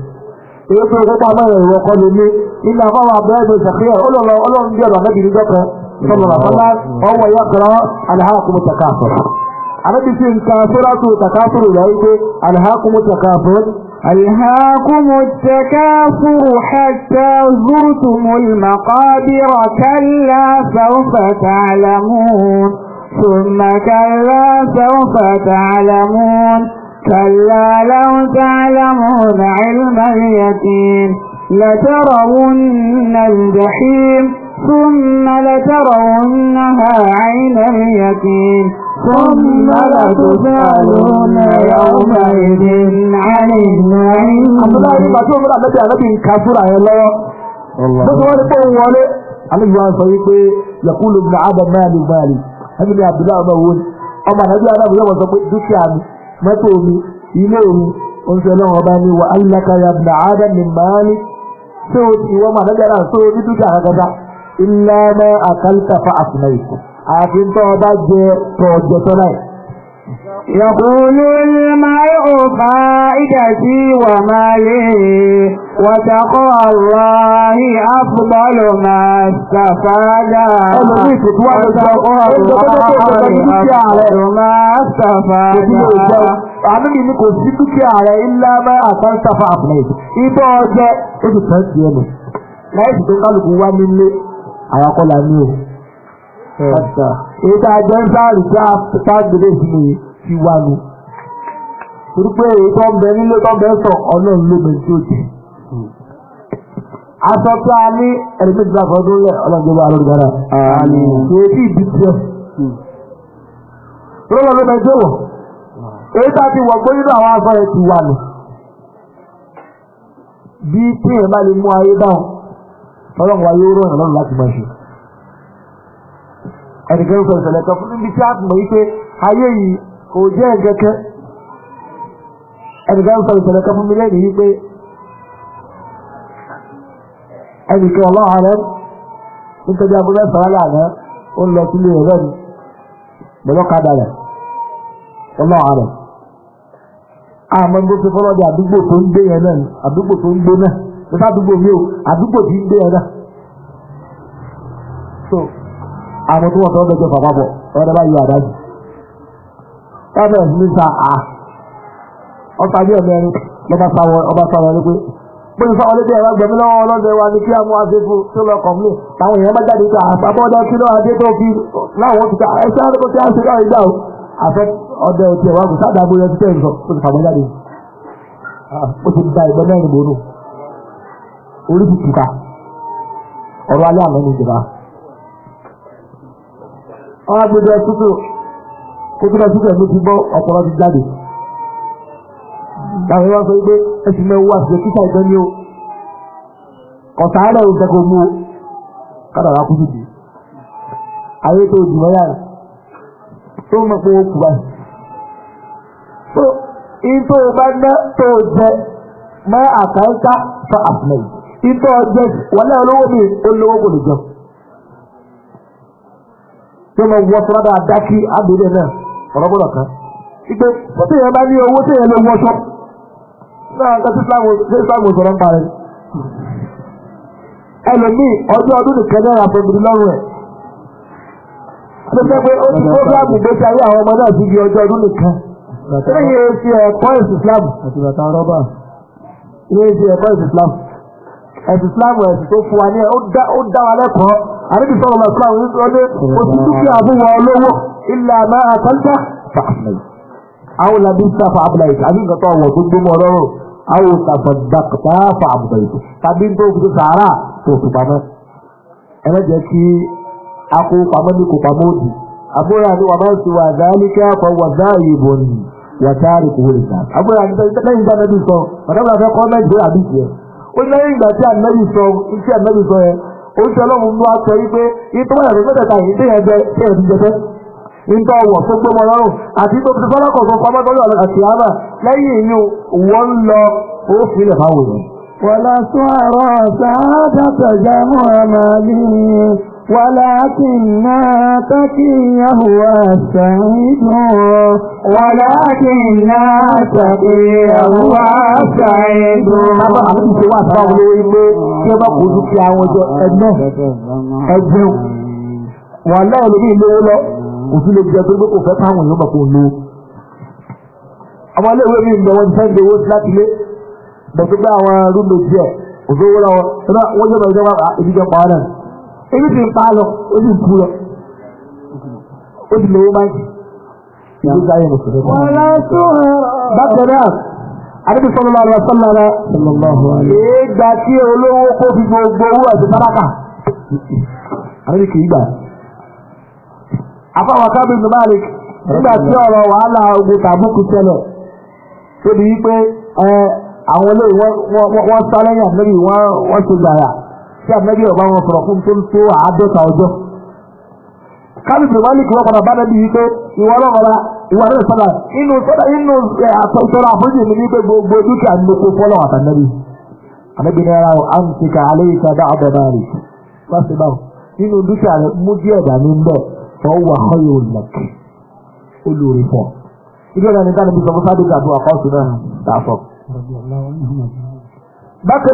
Èyí tó kó pamọ́ rẹ̀ ìwọ kọ́ lómi. Ilé àfọwọ́ Abdullahi bin Sakiya olóòlọ́ olóòlù bí ọ̀dọ̀ Anábì níjọ́ kan. Sọlọ́lá ọwọ́ ya kọ́ra alhakumu takasur. Anábì sì ń ka sóràtù takasur rẹ̀ wípé alhakumu takasur ألهاكم التكاثر حتى زرتم المقابر كلا سوف تعلمون ثم كلا سوف تعلمون كلا لو تعلمون علم اليقين لترون الجحيم ثم لترونها عين اليقين ثم لتسألون يومئذ عن النعيم àbúlá nígbà tí òmìnira àgbẹ̀tẹ̀ àgbẹ̀tẹ̀ ń ka súra yẹn lọ́wọ́ bó ti wọ́n ní pé òun wọlé alẹ́gbẹ̀ẹ́ wọn sọ wípé yakulu ibn abba mali mali ẹni ní abdullahi ọmọ wo ni ọmọ àdájọ́ aláàbò yẹn wọ́n sọ pé dúkìá mi mọ́tò mi ilé mi oúnjẹ lọ́wọ́ ọba ni wà alaka ya ibn abba ni mali tí o ti wọ́n mọ̀ àdájọ́ aláàbò tó ní dúkìá kankan ilẹ̀ mọ́ àkàlùkà fa àfìnà ìkù àti tọ́ ọba jẹ tọ́ ọjọ́ tọ́ náà. Yàkúlú ní máa ò bá ìdàjí wà máa lè wàtàkọ́ àwárí àfúbọ́lù máa sàfádà. Wàtàkọ́ àwárí máa sàfádà. Àmì ní kò sí dúkìá rẹ̀ ilá máa àtàntàfà àpùlẹ̀. Ibọ́ ọjọ́ ó ti tẹ́ sí ẹnu. Láìsí tó kálukú wá nílé, àwọn akọ́lá ní o ọ̀sà ètò àjẹ́ńtàlì tágbèrè ìsinmi ti wà ní. torí pé èyí tó ń bẹ nílé tó ń bẹ sọ ọ̀nà ìlébẹ̀ tí ó jẹ. aṣọ tí a ní ẹ̀rẹ́mẹ́tì náà fọdún lẹ̀ ọlọ́gbẹ́bà alọ́gbàrà. èyí tí ìdí tiẹ̀. lọ́wọ́ ló bẹ dé wọ̀. èyí tá a ti wọ̀ pé nínú àwọn aṣọ yẹn ti wà ní. bí tí èèyàn bá lè mú ayé dáhùn ọlọ́run wa yóò rọrùn lọ́rùn láti máa ṣe ẹnìkan sọ ìṣẹ̀lẹ̀ kan fún níbi tí a mọ̀ wípé ayé yìí kò jẹ́ ẹ̀gẹ́kẹ́ ẹnìkan sọ ìṣẹ̀lẹ̀ kan fún mi lẹ́nu wípé ẹnìkan ọlọ́run rẹ nítorí agbóná sàrálà rẹ ó lọ sílé rẹ ni pẹ̀lọ́kadà rẹ ọlọ́run rẹ àmọ́ bó ṣe fọlọ́dẹ àdúgbò tó ń gbé yẹn náà àdúgbò tó ń gbé náà nípa àdúgbò mi ò àdúgbò tí ń gbé yẹn náà àwọn tó wọ́n fẹ́ gbẹ̀jọ bàbá bọ̀ ọ̀rẹ́ bá yọ àdájì. ẹ̀rọ ní sa à ọ̀sán ní ọ̀mọ ẹni lọ́ba sáwọ ọba sáwọ ẹni pé pé ìfọ̀ ọlẹ́dẹ ẹ̀rọ gbẹ̀mí lọ́wọ́ ọlọ́dẹ wa ni kí a mú aṣẹ fún tó lọ kàn mí táwọn èèyàn bá jáde ká àtàbọ̀dẹ kí náà adé tó fi náà wọ́n ti ká ẹ̀ṣẹ́ àdókò tí a ṣe káwé gbà ó àfẹ́ ọdẹ òtí ẹ̀wà kò sáà dàgbò yẹn ti tẹ̀ nsọ̀ tó ti fàmọ́ jáde ó ti da ìgbẹ́ mẹ́rin bòónù orí ti tù ká ọ̀rọ̀ alẹ́ àná ni ìjọba àwọn agbègbè tútù kó tó bá tútù ẹ̀mí ti bọ́ ọ̀pọ̀lọ́ ti jáde. Làwọn ìwà sọ pé ẹsùn mẹ́wọ́ àṣìṣe kíkà ìgbẹ́ ni ó. Ọ̀tá àárẹ̀ ò mú o. Kádà wá kú dìde. Ayé tó jù mọ́ yára. Tó mọ̀ pé ó kù báyìí. Tó ìtò ìbáná tó jẹ mọ́ àkàńká fún àtìlẹ́yìn. Ìtò ọjọ́ wọlé olówó mi olówó kò lè jẹun. tó lọ wọṣọ dáadáa kí agbèlè náà ọ̀rọ̀ gbọ́dọ̀ kan. ìgbẹ́ téèyàn bá ní owó téèyàn lè wọṣọ náà ṣe islamu sọ̀rọ̀ ń parẹ́. ẹlòmíì ọjọ́ ọdún nìkan náà àfọ̀bìrì lọ́rùn ẹ̀. àtẹ̀sẹ̀ pé ó ní fúrógámù ìgbésí ayé àwọn ọmọ náà sí ibi ọjọ́ ọdún nìkan. lẹ́yìn èsì ẹ̀kọ́ ẹ̀kọ́ ẹ̀sì àríbi sọ̀rọ̀ lọ sí àwọn oníṣòwò oṣù dúkìá àbúwọ̀ olówó ilẹ̀ àmà àtàntà fàmìlì. àwọn làbí sá fàmìlì àbí nǹkan tó wọ̀ tó gbómọ ọlọ́run àwọn òṣàfàdàkùtà fàmìlì tàbí tó fi sàárà tó fi pamọ́. ẹ má kí akó pamọ́ ní kó pamọ́ òdì. àbúrò àti wàmọ́ sí wà dáálíkẹ́ àpọ̀ wà dáàyè bọ̀ ní yàtàrí wọlé sáà. àbúrò lẹ́yìn ìgbà nàbí sọ ọ̀dọ́ oúnjẹ ọlọ́run ló aṣọ yìí pé ìtọ́ wọ́n yàtọ̀ mẹ́tẹ̀ẹ̀ta yìí dé ẹgbẹ́ tí ẹ̀ ti jẹfẹ́ nígbà ọwọ́ tó gbé wọn lọ́rùn àti tó ti fọ́lọ́kọ̀ fún pamọ́tọ́lù àti àmà lẹ́yìn ìyún wọ́n lọ ó filẹ̀ máa wò yẹn. wọ́n lọ sún àrọ̀ sáádà tẹ̀jẹ̀ mọ́ àmàlí ولكن ناتكي هو السعيد ولكن ناتكي هو السعيد Bàbá àwọn ìṣe wà sáwọn olówó ilé tí ó bá kò ojú kí àwọn ọjọ́ ẹgbẹ́ ẹgbẹ́ wà náà lórí ilé lọ kò sí lè jẹ pé kò fẹ́ káwọn èèyàn bàbá olówó. Àwọn iléèwé mi ìgbà wọn ti fẹ́ gbowó láti lé bẹ̀tẹ̀ pé àwọn rúdò díẹ̀ òṣòwò lọ́wọ́ wọ́n yóò bẹ̀rẹ̀ ìjọba ìdíjọba náà. ebi ti pa lọ ebi bu lọ ebi lówó báyìí. bákan náà àdébí sọlọ́lá olówó kó fi gbogbo owó àti gbà. ọ̀rọ̀ wàhálà ogun tàbùkù tóbi àwọn olóyè wọ́n wọ́n tí ànábì ọba wọn sọ̀rọ̀ fún tó ń tó àádọ́ta ọjọ́. kábíyèsí wọn ní kí wọn padà bá dẹbi yìí pé ìwọ ọlọ́mọba ìwọ ọlọ́mọba sọ́dà inú sọ́dà inú àtọ̀tọ̀rọ̀ àfojì mi ní pé gbogbo dúkìá ní kó fọ́lọ́ àtànábì. ànábì ní ara à ń ti ka alẹ́ yìí ká dá ọ̀dọ̀ náà rè wá sí báwo nínú dúkìá rẹ mú díẹ̀ dání ń bẹ̀ ọ̀wà ọ̀yọ̀ òlẹ̀kì olórí fọ́. ilé ìlànà ìdáni bí sọ́kọ́ sábẹ́ ìgbàdúrà kọ́ọ̀sì náà dà fọ́. bákan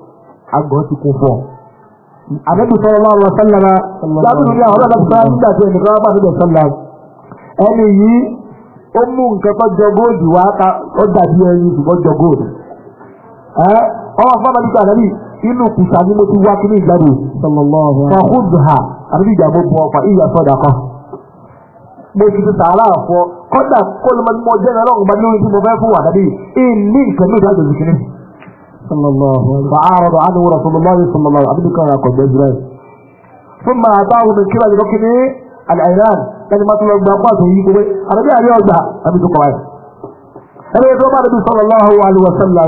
àgọ́ ti kún fún ọ. Àbẹ́bí sọ̀rọ̀ máa wọ sálàmà lábùrù ní àwọn ọ̀dọ́ sọ́lá nígbà tí ẹnìkan bá níbẹ̀ sọ́lá. Ẹni yìí ó mú nǹkan tó jọ góòdù wá ká ó dàbí ẹyin ṣùgbọ́n jọ góòdù. Ẹ ọmọ fún Abadí Sàdábì inú kùsà ni mo ti wá kí ní ìjáde. Fọ̀kúdù ha àbí ìjà mo bu ọ̀pá ìyá sọ̀dà kan. Mo ti ti sàárà fọ kọ́dà kó jẹ́ náà lọ́rùn صلى الله عليه وسلم فعارض عنه رسول الله صلى الله عليه وسلم عبدك يا قد اجراس ثم اعطاه من كبر لكن العيران لكن يعني ما تلو بابات ويجيبوا انا بيع اليوم ده ابي تقرأ هذا يدوم النبي صلى الله عليه وسلم صلى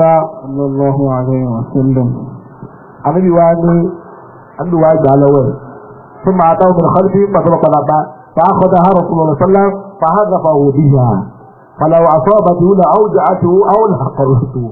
الله عليه وسلم النبي واني عنده واجب على وين ثم اعطاه من خلفه ما تلو فاخذها رسول الله صلى الله عليه وسلم فهذا بها فلو أصابته لأوجعته أو لحقرته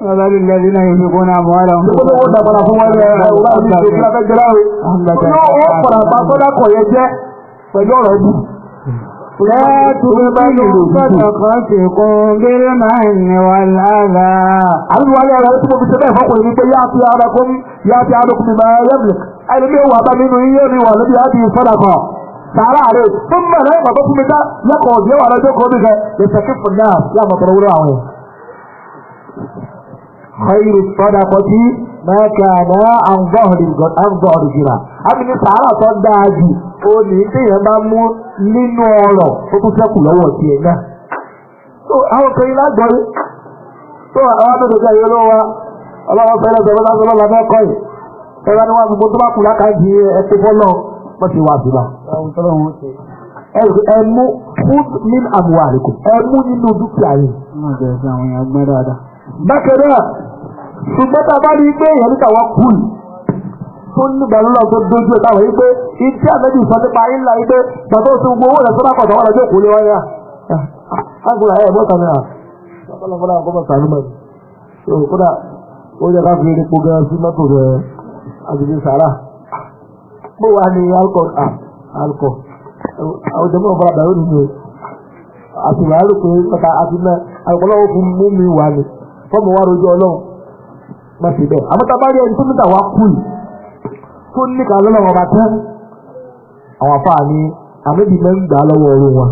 وذل الذين ينفقون أموالهم لا تقبلوا صدقتكم بالمن والأذى عرضوا علي على اسمه بسبب فقل لك يأتي عليكم يأتي عليكم بما يملك ألمي وابا منه يمي والذي هذه صدقة تعالى عليه ثم لا يبقى بسمك يقعد يوعى لجوكم بك يستكف الناس يا مطرورة عليه خير الصدقة ما كان عن ظهر عن ظهر جرا àbí ní sàárà tó dáa jù ó ní téèyàn bá mú nínú ọ̀rọ̀ ó tún sẹ́kù lọ́wọ́ tiẹ̀ náà. tó àwọn kan ilá gbọ́ yìí tó àwọn àdúgbò jẹ́ ìyẹn lọ́wọ́ wa ọlọ́wọ́ fẹ́rẹ́ bẹ̀rẹ̀ láti lọ́la bẹ́ẹ̀ kọ́ yìí ẹ̀rọ ni wọ́n gbogbo tó bá kù láka di ẹ̀pẹ́ fọ́lọ́ wọ́n ti wá sí wa. fún min àmúwárí kù ẹ nínú dúkìá yìí bákan náà ṣùgbọ́n tá a bá rí i pé èèyàn níta wọ́n kù tó nígbà lọ́nà tó dojú ẹ̀ táwọn yìí pé ìdí àmẹ́jì sọ nípa ńlá yìí pé bàbá òsì gbogbo owó rẹ̀ sọ́dọ̀ àkọ́tọ̀ wọn lọ́jọ́ òkúlé wọn yá. àgùrà ẹ̀ bọ́ sàmì àá fọlọ́fọlọ́ àkọ́bọ̀ sàmì mọ́ ni kódà ó yẹ ká fi epo gan sí mọ́tò rẹ̀ àgbègbè sàrà. bó wà ní alkọ alkọ àwọn jẹ́mú ọ̀fọlá bàrẹ́ òní ni àtìwárò pé àti náà àgbọ̀lọ́wọ́ fún mú fọ́ọ̀mù wa rojọ́ ọlọ́run má ṣe bẹ́ẹ̀ àmọ́tàbá rí ẹni tó níta wá kú yìí tó ní ká lọ́lọ́run ọba tẹ́ àwọn afáà ní àmẹ́bí mẹ́ńgbà lọ́wọ́ ọ̀run wa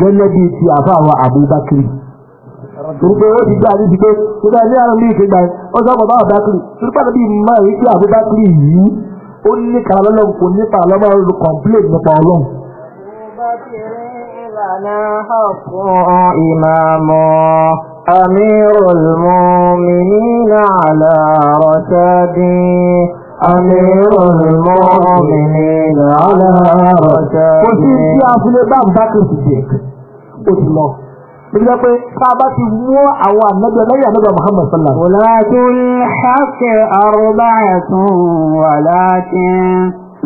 gẹ́gẹ́ bíi ti àfáà wa àbúbákiri torípé ó ti gbé àdé ti pé ìgbà ní àrùn bíi ìgbà ó sọ bàbá àbúbákiri torípé àdébí máa rí pé àbúbákiri yìí ó ní ká lọ́lọ́run kò ní ká lọ́lọ́run kọ̀ǹpléèn nípa ọlọ́run. àbúbákiri ìlànà ọ̀pọ̀ ìmàmọ́. أمير المؤمنين على رشدي أمير المؤمنين على رشدي kò sí tí a fi lè bá àbúdákì sídìk ó ti lọ Ìjọba pé ká bá ti mú àwọn ànábì ọlọ́yà ànábì Muhammad sallallahu. Wòlákin ṣáfẹ́ àrùbáyà tún wàlákin.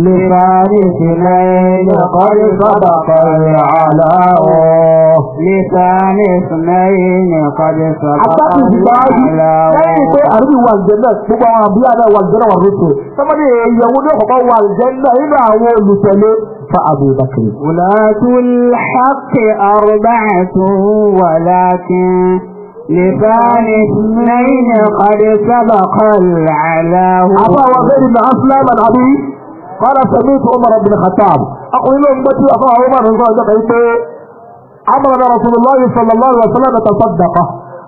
لفارس ميل قد سبق العلاء لفارس اثنين قد سبق العلاء أرضي والجنة بقى وانبياء والجنة والرسل سمعني يقول يخبا والجنة إلا هو المسلم فأبي بكر ولاة الحق أربعة ولكن لسان اثنين قد سبق العلاه أبا وغير أسلام العبيد قال سميت عمر بن الخطاب اقول لهم بتي اخاه عمر رضي الله عنه امرنا رسول الله صلى الله عليه وسلم تصدق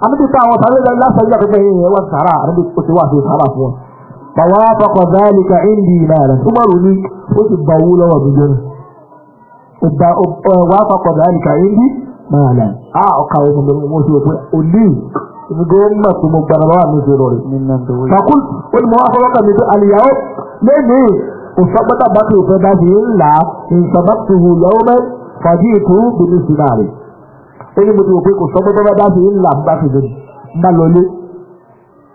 النبي صلى الله عليه وسلم لا صدق به والسراء النبي قلت واحد خلاص فوافق ذلك عندي مالا عمر لي قلت باولا وبجنة وافق ذلك عندي مالا اه اقاوم من الموت ولي goma kumugbanarwa mizirori fakult olumuwafa waka mizu aliyawo lẹ́yìn òfọ́gbọ́tà bá ti òfin bá ṣe ń là ìṣọ̀bọ́tìhù lọ́wọ́mẹ́ fàdí ètò bìnú sí náà rẹ̀ ó ní mo ti wò pé kò sọ́gbọ́tà bá ṣe ń là bá ti dùn bá lọlé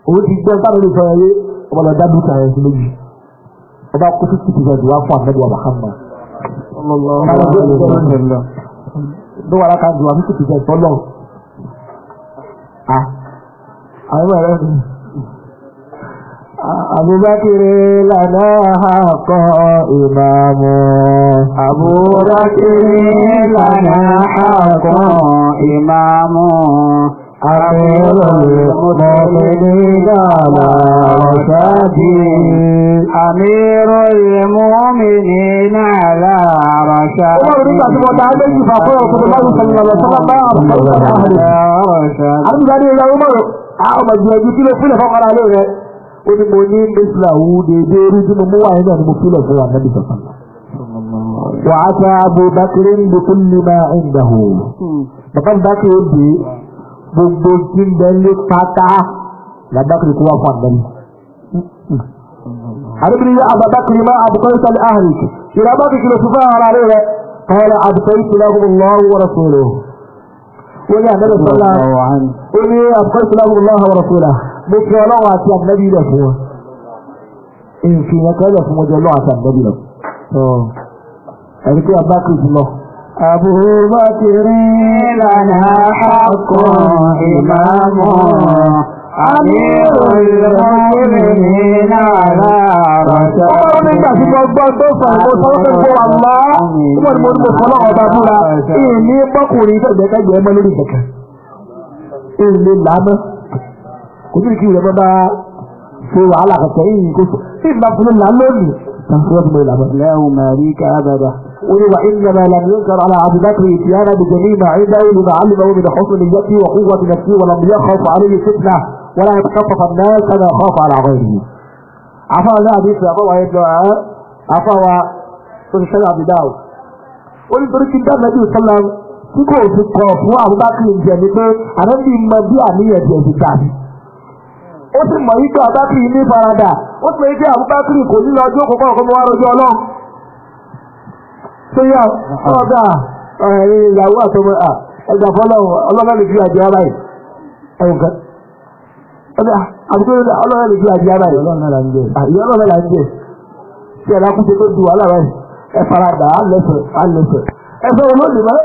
òun ti gbẹ́ bá lórí sọ̀rọ̀ yé ọba lọ dá dúkà rẹ̀ sí méjì ọba kó fífi ti sọ̀dù wá fún àmẹ́dùwà Muhammad. ló wà lákàndùn àmì fífi ti sọ̀dù ọlọ́run. Abubakar lana haqqo imamu. Abubakar lana haqqo imamu. أخير المؤمنين على رشادي أمير المؤمنين على رشادي Àwọn ọmọ ìgbìyànjú kí ló fílẹ̀ fọ́kànlá lé rẹ̀ ó ní mo ní mísìlá wù déédéé rí tí mo mú wáyé náà ni mo fi lọ fún wa nàbí sọ̀tàn. wà á sá abubakar ń bẹ kún ní máa ń dà hù. bàbá abubakar ó dé gbogbo tí ń bẹ ní pátá làbákar kó wá fún àgbẹ̀rẹ̀. àdébìrì yá abubakar máa abukọ́lé sálẹ̀ ahàlì ìrọ̀ abubakar kìlọ̀ fún fún ara rẹ̀ kọ́lá abubakar kìlọ̀ fún lọ́wọ́ wọ́n fún lọ́wọ́. ó wọ́n rẹ̀ mo fi ọlọ́run àti ànábì rẹ̀ fún wọn nǹkan yẹn kọ́ lẹ̀ fún ọjọ́ ọlọ́run àti ànábì rẹ̀ ẹ̀rí pé abákùn jùlọ. Abu Bakr lana haqqun imamu Amirul mu'minin ala rasa. Ọmọ nígbà tí mo gbọ́ tó sọ mo sọ pé kó àmá nígbà tí mo ní mo sọ náà ọba búra. Ìní tẹ̀gbẹ́kẹ́gbẹ́ mọ́ lórí kẹ̀kẹ́. Ìní làmọ́. kò ní kí ìrẹ̀mọ́ yìí kó sọ tí ìgbà fún ńlá lónìí tàǹtí wọ́n ti mọ ìlànà. lẹ́hùn màrí ká bàbá. ولو إنما لم ينكر على أبي بكر إتيانا بجميع ما عنده لما علمه من حسن نيته وقوة نفسه ولم يخف عليه فتنة ولا يتخطف الناس كما خاف على غيره. عفا لا حديث يا أبو عيد عفا وسنشد عبد داود. ولدرك النبي صلى الله عليه وسلم tí kò fi kọ̀ fún Abubakar ìjẹ̀ ni pé àrẹ́bí mọ bí àníyàn fun abubakar ije ni pe ó sì mọ̀ yí pé àbákìrì ní farada ó sì mọ̀ yí pé àbúbákìrì kò ní lọ́jọ́ kọ̀ọ̀kan kó mọ́ wá lọ́jọ́ ọlọ́run tó yà ọ̀dà ìyàwó àtọmọ ẹgbà fọlọ́wọ́ ọlọ́run lè fi àjẹ ara yìí ẹ̀wọ̀n kan ọ̀dà àbúkọ́ ọlọ́run lè fi àjẹ ara yìí ọlọ́run là ń jẹ ìyá ọlọ́run là ń jẹ tí ẹ̀dá kúṣe tó du wàhálà rẹ̀ ẹ farada alẹ́sẹ̀ alẹ́sẹ̀ ẹ fẹ́ olóòlù mọ́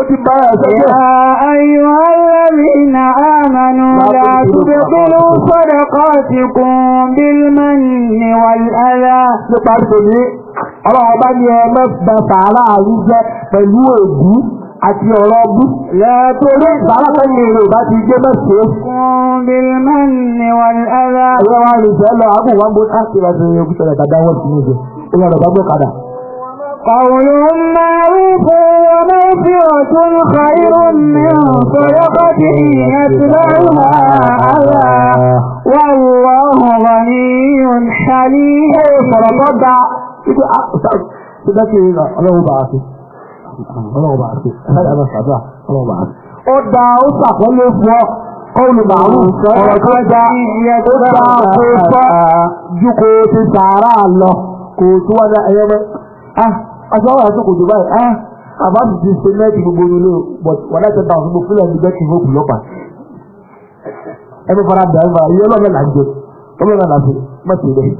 ó ti bá ẹ̀sẹ̀ jẹ́. Yà ayọ̀ alladhina amanu la tubtilu sadaqatikum bil manni wal adha. Nípa tòní, ọlọ́run bá ní ẹ mẹ́fà sàárà àrùjẹ pẹ̀lú ègún àti ọ̀rọ̀ ọbú. Lẹ́ẹ̀tọ́rọ̀ ìbárakẹ́ ni èrò bá ti gbé mẹ́sẹ̀. Bílmánì wà ní ara. Ẹ̀rọ wa lè jẹ́ wọ́n sí níbi. Ó yàrá bá ومغفرة خير من صدقة يتبعها أذى والله غني حليم فرتضع Sídáṣe ìrìnà ọlọ́wọ́bà àti ọlọ́wọ́bà àti ẹ̀rẹ́ ẹ̀rọ ṣàdá ọlọ́wọ́bà àti. Ó dá ó sàpọ́lé fún ọ, kọ́ọ̀lù màálù ọ̀rọ̀ tó dá ó dá kó sọ́ ju kó ti sàárà lọ kò tún wá ní ẹyẹ mẹ́. Ah, aṣọ àwọn àti kò jù báyìí. Ah, àbábí ti ṣe mẹ́ẹ̀kì gbogbo nílé but wọ́n láti ta òfin fúlẹ̀ ní bẹ́ẹ̀kì fún òkú lọ́pàá ẹni fara bẹ̀rẹ̀ fara yẹ ọlọ́mọ là ń jẹ ọmọ náà láti má ti rẹ̀.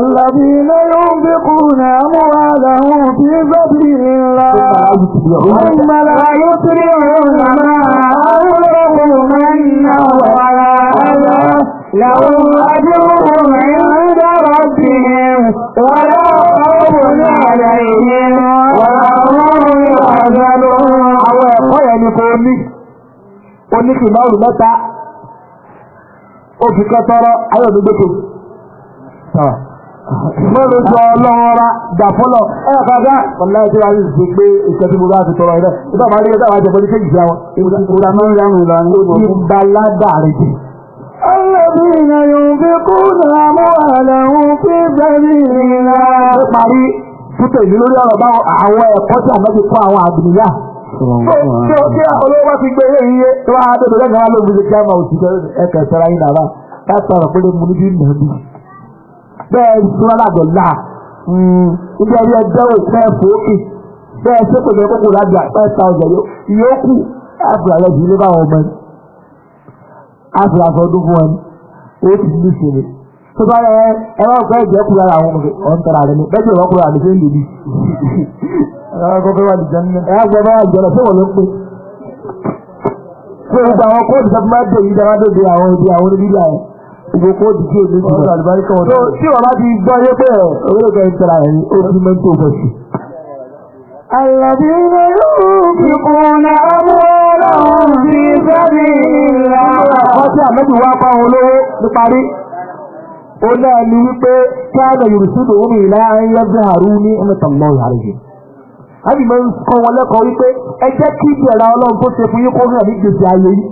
الذين ينفقون أموالهم في سبيل الله ثم لا يتبعون ما أنفقوا منا ولا أذى لهم أجرهم عند ربهم ولا خوف عليهم ولا ní kó ní oníkìlọ́rù mẹ́ta oṣù kẹtọrọ ayọ̀dúgbòkè. Mọ́lẹ̀ sọ ọlọ́run ra dàfọ́lọ̀ ẹ̀rọ kọjá ọ̀la ẹ̀jẹ̀ wáyé ṣe pé ìṣẹ́jú mo bá ti Ó parí títẹ̀ ìlú lórí ọ̀rọ̀ báwọn àwọn ẹ̀kọ́ tí àmọ́ kọ́ àwọn àdùnnìyà. Ṣé o ṣe olówó bá ti gbé ilé yìí yé? Ṣé wàá tètè lẹ́nu àwọn olùdíje kí a máa òṣìṣẹ́ ẹ̀kẹ́ sara yín nàrà? Láti ọ̀rọ̀ pé mo ní bí nà bí. Bẹ́ẹ̀ ìṣúná làgọ̀ là. Ibi ẹni ẹjọ́ òṣìṣẹ́ fòókì. Bẹ́ẹ̀ ṣé kò ní kókò lájà five thousand yòókù. Àfìlà lọ sí ilé báwọn ọmọ ẹni. Àfìlà sọ ọdún fún ẹni. Ó ti ní ìṣèlè tó bá rẹ ẹ̀rọ ọ̀gbẹ́ ìjẹ́ kúrò ara àwọn ọ̀ntara rẹ ni bẹ́ẹ̀ tí ìwọ́n kúrò àmì ṣe ń lèbi. ẹ̀rọ ọ̀gbẹ́ wà lùjẹ́ nínú. ẹ̀rọ ọ̀gbẹ́ wà lùjẹ́ lọ sí wọn ló pé. fún gbogbo àwọn kóòdù sọ́kùnmá dé yìí dáná dòde àwọn ibi àwọn oníbíbí àyẹ̀ ìgbò kóòdù tí èdè ti bọ̀. tí wọ́n bá ti gbọ́ yé pé orílẹ̀-èdè ìtara rẹ̀ ni ó ti mẹ́ńtò bọ̀ sí. الذين ينفقون أموالهم في سبيل الله ó náà ní wípé káàdà yorùsùdù omi ìlà ayélujára àrùn ní ẹmẹtàlọ ìhàrẹ̀yẹ. a sì máa ń kọ́ wọn lẹ́kọ̀ọ́ wípé ẹ jẹ́ kí ìbẹ̀rẹ̀ ọlọ́run tó ṣe fún yín kó hàn ní gbèsè ayé yìí.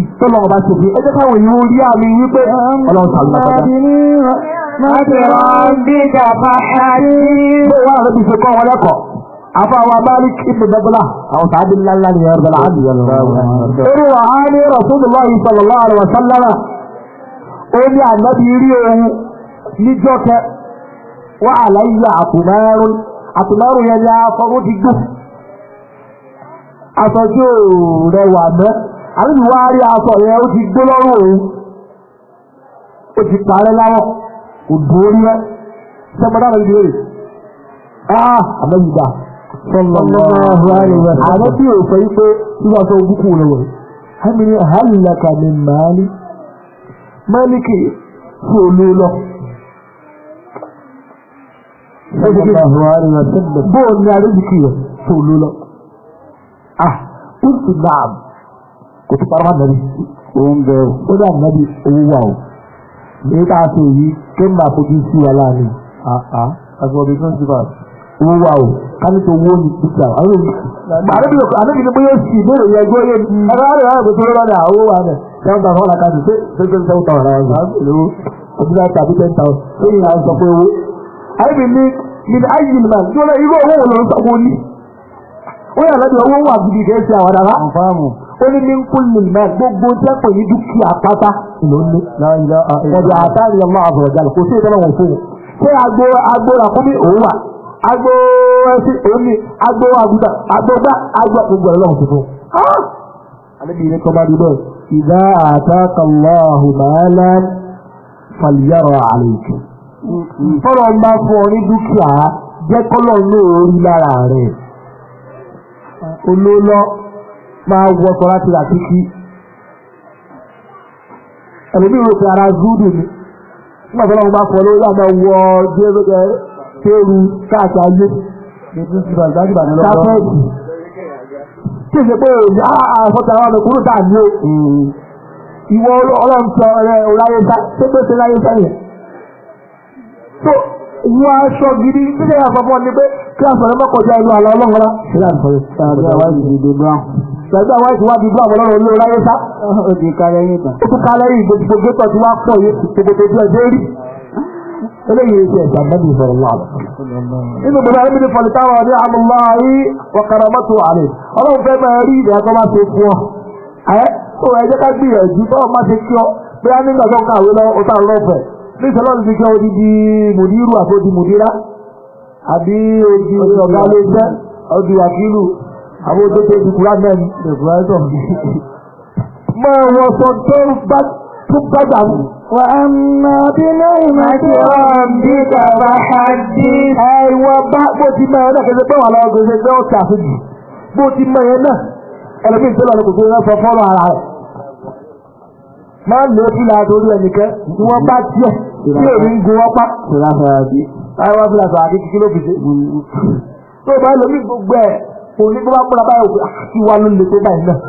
ìtọ́lọ̀ ọba ṣe fún ẹ jẹ́ káwọn èèyàn rí àmì wípé ọlọ́run sàlùmọ́ padà. láti rọ bíjà fàṣàdé. bó wà ló ti ṣe kọ́ wọn lẹ́kọ̀ọ́ afawa malik ibn dabla wa á rasulillah sallallahu alaihi wa sallam ó ní ànábi rí ohun níjọ́ kẹ wọ́n àlàyé àtùmọ́rù àtùmọ́rù yẹn ní afọ́rọ́ ti gbó aṣọ tí ò rẹwà mọ́ àbíbi wá rí aṣọ yẹn ó ti gbó lọ́rùn òun ó ti parẹ́ láwọ̀ kò dúró rí rẹ́ sẹ́gbọ́dá rẹ̀ ti rè áá àbẹ́yìgbà sọlọ́ọ̀rọ̀ àrẹ́bí ò sọ wípé tí wọ́n maliki si olú lọ. Bóò ní àríjìkì rẹ̀ sí Ah, kúntù náà kò tó parọ́ ànàbí. Òun ó dà ànàbí owó wà o. Èyí tá ṣe yìí, kí n bá fojú sí wa láàrin. owó wà tó wó bóyá ìbéèrè yẹn gbóyè. Ẹ̀rọ owó wà náà. wọ́n gba fọ́nà káàdì pé tẹ́tẹ́ tẹ́wọ́ tàwọn ará wọn lówó ọdúnlá tàbí ten thousand ó ní àwọn sọ pé owó. àyèbí ní ní ayé ni màá tí wọ́n lọ irú owó wọn lọ sọ fún ní. ó yàrá bí owó wà gidi kẹ́ ṣe àwọn ará. ó ní ní kún ní màá gbogbo tẹ́ pè ní dúkìá pátá lónìí. ẹ̀dọ̀ àtàrí ọmọ àbọ̀dà kò sí ìtọ́lọ̀ wọn fún un. ṣé agbo agbo làkúnmí òun wà agbo ẹsẹ òun ni agbo àgùdà agbo gbá agbo gbogbo ọlọ́run tuntun. àlejò yìí ni kọ́ bá di bẹ́ẹ̀. إذا آتاك الله مالا فليرى عليك fọ́nà máa fún ọ ní dúkìá jẹ́ kọ́lọ̀ náà rí lára rẹ̀ olóòlọ́ máa wọ́pọ̀ láti rà kíkí ẹ̀lẹ́bí ìwé ti ara zúdù ni nígbà tó lọ́wọ́ bá fọ́ lórí àmọ́ wọ jẹ́rú káàkiri ayé káfẹ́ẹ̀tì tí o ṣe pé òní àfọ̀tàrà wà lókùnrin tá à ní o ìwọ ọlọ́run sọ ọ̀rẹ́ ọ̀ráyé sá tó pé ṣe láyé sá yẹn. so ìwọ aṣọ gidi nílẹ̀ àfọ̀fọ́ ni pé kí àfọ̀rẹ́ mọ́kànjá ìlú àlọ́ ọlọ́run rá. ṣé àfọ̀rẹ́ sábà wá ìdìbò brown. gbàgbé àwọn ìṣòwò àti brown ọlọ́run olú ọ̀ráyé sá. ó ti kalẹ̀ yín tán. ó ti kalẹ̀ yín gbogbo gbẹ́tọ̀ tí wàá pọ̀ yé eléyìí ṣe ẹ̀jẹ̀ àgbẹ̀bí sọ̀rọ̀ wà lọ. nínú bàbá ẹ̀mí ni fọlítàwọ̀ ní àmàláyé wọ̀kàràmọ́tò àlè ọlọ́run fẹ́ máa rí ìdè ẹ̀kọ́ máa ṣe fún ọ. ẹ ò ẹ jẹ́ ká gbìyànjú bọ́ọ̀ máa ṣe kí ọ bí a nígbà tó ń kàwé lọ ọ̀tá lọ́fẹ̀ níṣẹ́ lọ́dún ti kí ọ di mùdírù àti odi mùdírà àbí odi ọ̀gá léṣẹ́ odi wàkílù àwọn ti kúrá mẹ́rin. máa wọ sọ tó bá tó gbọ́dọ̀ àwọn. Wà á mọ bí lẹ́yìn máa ti ọ̀n bí bàbá Hajji. Ẹ̀wọ̀ bá bó ti mọ ẹ̀ náà kẹsẹ̀ pé wọ́n lọ gbèsè pé ó ṣàfi jù. Bó ti mọ ẹ̀ náà ẹlẹ́bí ìṣẹ́lẹ̀ ọ̀nà kò tó yẹn sọ fọ́nà ara rẹ̀. Máa lè fi là torí ẹnìkẹ́ ni wọ́n bá tiẹ̀ tí èmi ń gun ọpá. Àwọn fìlà sọ àdé kíkí ló fi ṣe. Tó bá lómi gbogbo ẹ̀ òní tó bá múra báyìí òkú àti wa ló le tó báyìí náà.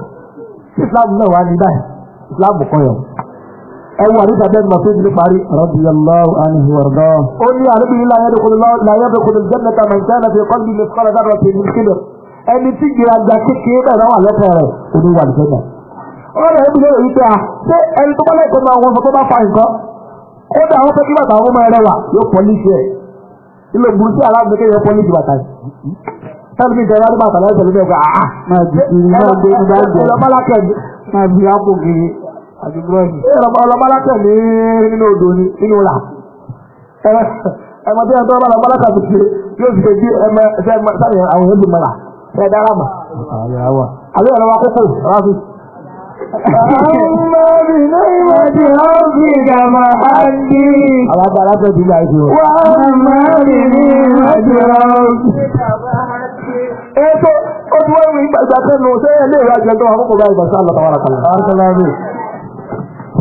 Islam náà wà ní báyìí. Islam kọ́ yọ̀ ẹwọ àdìsá bẹ́ẹ̀ ma fún mi parí. radiyallahu anhu warda. ó ní àdìbí yìí láyé dùkúlù láyé dùkúlù jẹ́nẹ̀ta màjá náà fi kọ́lù mi kọ́lù dára fi mi kílò. ẹni tí gbìyà gba kékeré bẹ́ẹ̀ náà wà lẹ́tẹ̀ rẹ̀ ó ní wà lẹ́tẹ̀ náà. ó lè ẹbí yóò yí pé a ṣé ẹni tó bá lẹ́tẹ̀ máa wọn fún tó bá fa nǹkan. ó dà àdúgbòrò ọlọ́bàlá tẹ̀lé nínú odò ni nínú là ẹmọ tí ẹ tọ́ ọlọ́bàlá tàbí ṣe yóò fi ṣe bí ẹmẹ ẹsẹ sáré àwọn èèyàn bímọ ṣe dára mà àbí ẹ̀rọ wa kókó ráfi. Àwọn abala tẹ̀ bí láì fi wọ́n. Wọ́n máa bí mi gbàgbà sẹ́nu sẹ́yìn ilé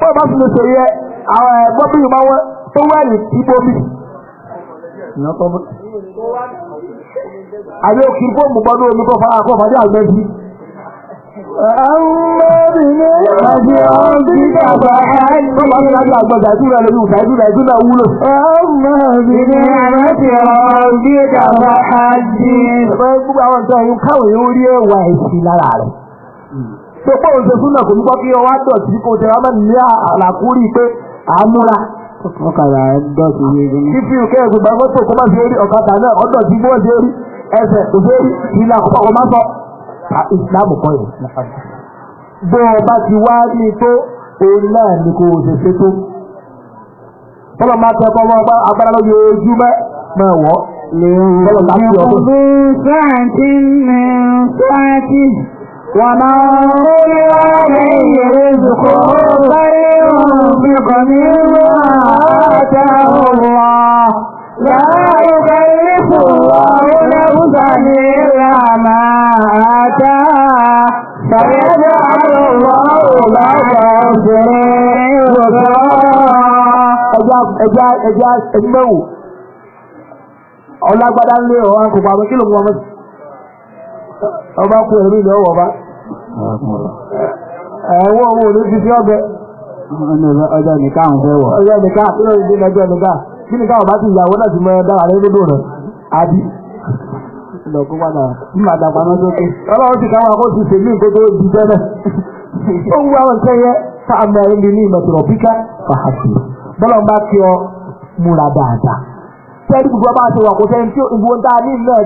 bọ́ọ̀ bá tún lè ṣe yẹ àwọn ẹ̀gbọ́n bí yorùbá wọn tó wẹ̀lì ibomi. àbí òkè fóònù gbọ́dọ̀ omi kó fara kó fàdé àgbẹ̀ sí. Gbogbo àwọn ìjọ yìí káwọn yóò rí ẹwà ìsìn lára rẹ̀. tó òun ṣe súnà kò ní gbọ́ kí ọwọ́ àdọ̀tí kò tẹ̀ra mẹ́rin ní àlàkúrí pé àmúra. wọ́n kàrà dọ̀tí yéé. fífi òkè ẹ̀sùn gbàgbọ́ tó kọ́ máa orí ọ̀kadà náà ọ̀dọ̀ orí ẹsẹ̀ kò orí kọ́ sọ. kọ́ bó o bá ti wá ní tó òun náà ni kò ṣe ṣe ومن روي عليه رزقه فلينفق مما آتاه الله لا يكلف الله نفسا إلا ما آتاه فيجعل الله بعد عسر ẹjá ẹgbẹ́wò ọlágbádá ń lé ọ̀rọ̀ àkùnkùn àwọn kí ló mú ọmọ sí ọba kú ẹ̀rú ilẹ̀ ọwọ́ bá ẹ̀wọ́ ọmọ òní ti fi ọbẹ̀ ọjọ́ nìka àwọn fẹ́ wọ̀ ọjọ́ nìka nínú ìdí ọjọ́ nìka kí nìka ọba ti ìyàwó náà ti mọ dára rẹ àbí lọ́kọ́ padà nígbà náà ọlọ́run ti káwọn akó ti sèlú di tẹ́lẹ̀ ó yẹ a ní ìmọ̀tòrọ̀ píkà bá kí ọ múra dáadáa gbogbo ọba àti ìwà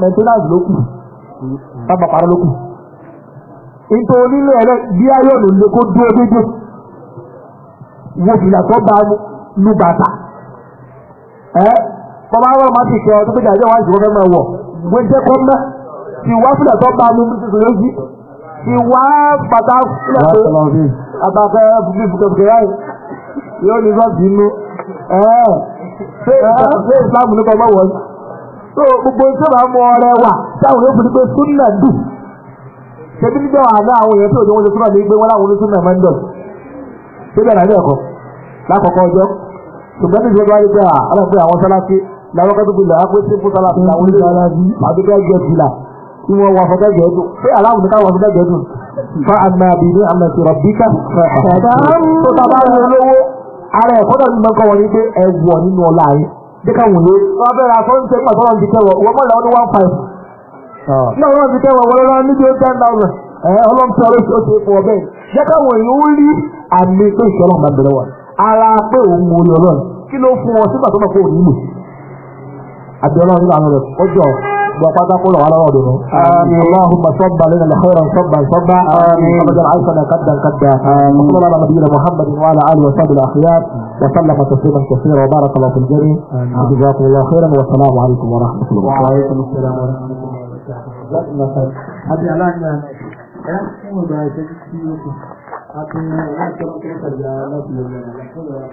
ní ìlú bàbá para lókù nítorí onílé ẹ̀rẹ́ bí ayé òní lè kó dúró dédé wo fìlà tó bá lu bàtà ẹ bàbá wọn máa ti kẹ ọdún méjì àjẹwà ìṣòro fẹ́ máa wọ̀ wọ́n jẹ́ kọ́ mẹ́ ti wá fìlà tó bá lu tuntun lójú ti wá bàtà fìlà tó àtàkẹ́ fúnmi fúnkẹ́fúnkẹ́ yáyì yóò ní sọ́ọ̀tì inú ẹ ṣé ìsìlámù ní kọ́ wọ̀nyí so gbogbo tí ó bá mú ọrẹ wà táwọn yóò fi pé súnà dùn ṣebí níjọ́ àná àwọn èèyàn tí òjò wọn ti súnà ní gbé wọn láwọn onísúnà máa ń dọ̀ síbẹ̀ náà ní ẹ̀kọ́ lákọ̀ọ́kọ́ ọjọ́ ṣùgbọ́n ní ìṣẹ́jú wáyé pé aláàbẹ̀ àwọn sáláṣí làwọn kan tó gbé làwọn pé sípò sáláṣí làwọn ilé àbí bẹ́ẹ̀gẹ̀ fìlà tí wọ́n wọ afọ́gẹ́gẹ́ dùn pé aláwọ̀ ní káwọn afọ́gẹ́gẹ́ dùn fa àmà àbìní àmà ìṣòro bíkà tó tàbá ń lówó ara ẹ̀kọ́ náà ní mọ́kọ́ wọn ní pé ẹ̀wọ̀ nínú ọlá yìí jẹ́ ká wùlé wọ́n bẹ̀rẹ̀ aṣọ ń tẹ́ pàtó wọn ti kẹwọ̀ wọ́n mọ̀lẹ́ wọn ní one five. náà wọ́n ti kẹwọ̀ wọ́n lọ́wọ́ níbi ó ten thousand ẹ̀ẹ́ ọlọ́mùsí ọ̀rẹ́ ti ó ti fọ bẹ́ẹ̀ jẹ́ ká wọ̀ yìí ó rí àmì pé ìṣọ́lọ́ máa bẹ̀rẹ̀ wà ara pé òun mú orí ọlọ́run kí ló fún wọn sígbà tó náà kó òun nílò àbí ọlọ́run nínú àwọn rẹ̀ ó jọ وقد على وضعه آمين اللهم صب لنا خيرا صبا صبا آمين وجل عيشنا كدا كدا وصلى على نبينا محمد وعلى آله وصحبه الأخيار وسلم تسليما كثيرا وبارك الله في آمين جزاكم الله خيرا والسلام عليكم ورحمة الله وعليكم السلام ورحمة الله وبركاته هذه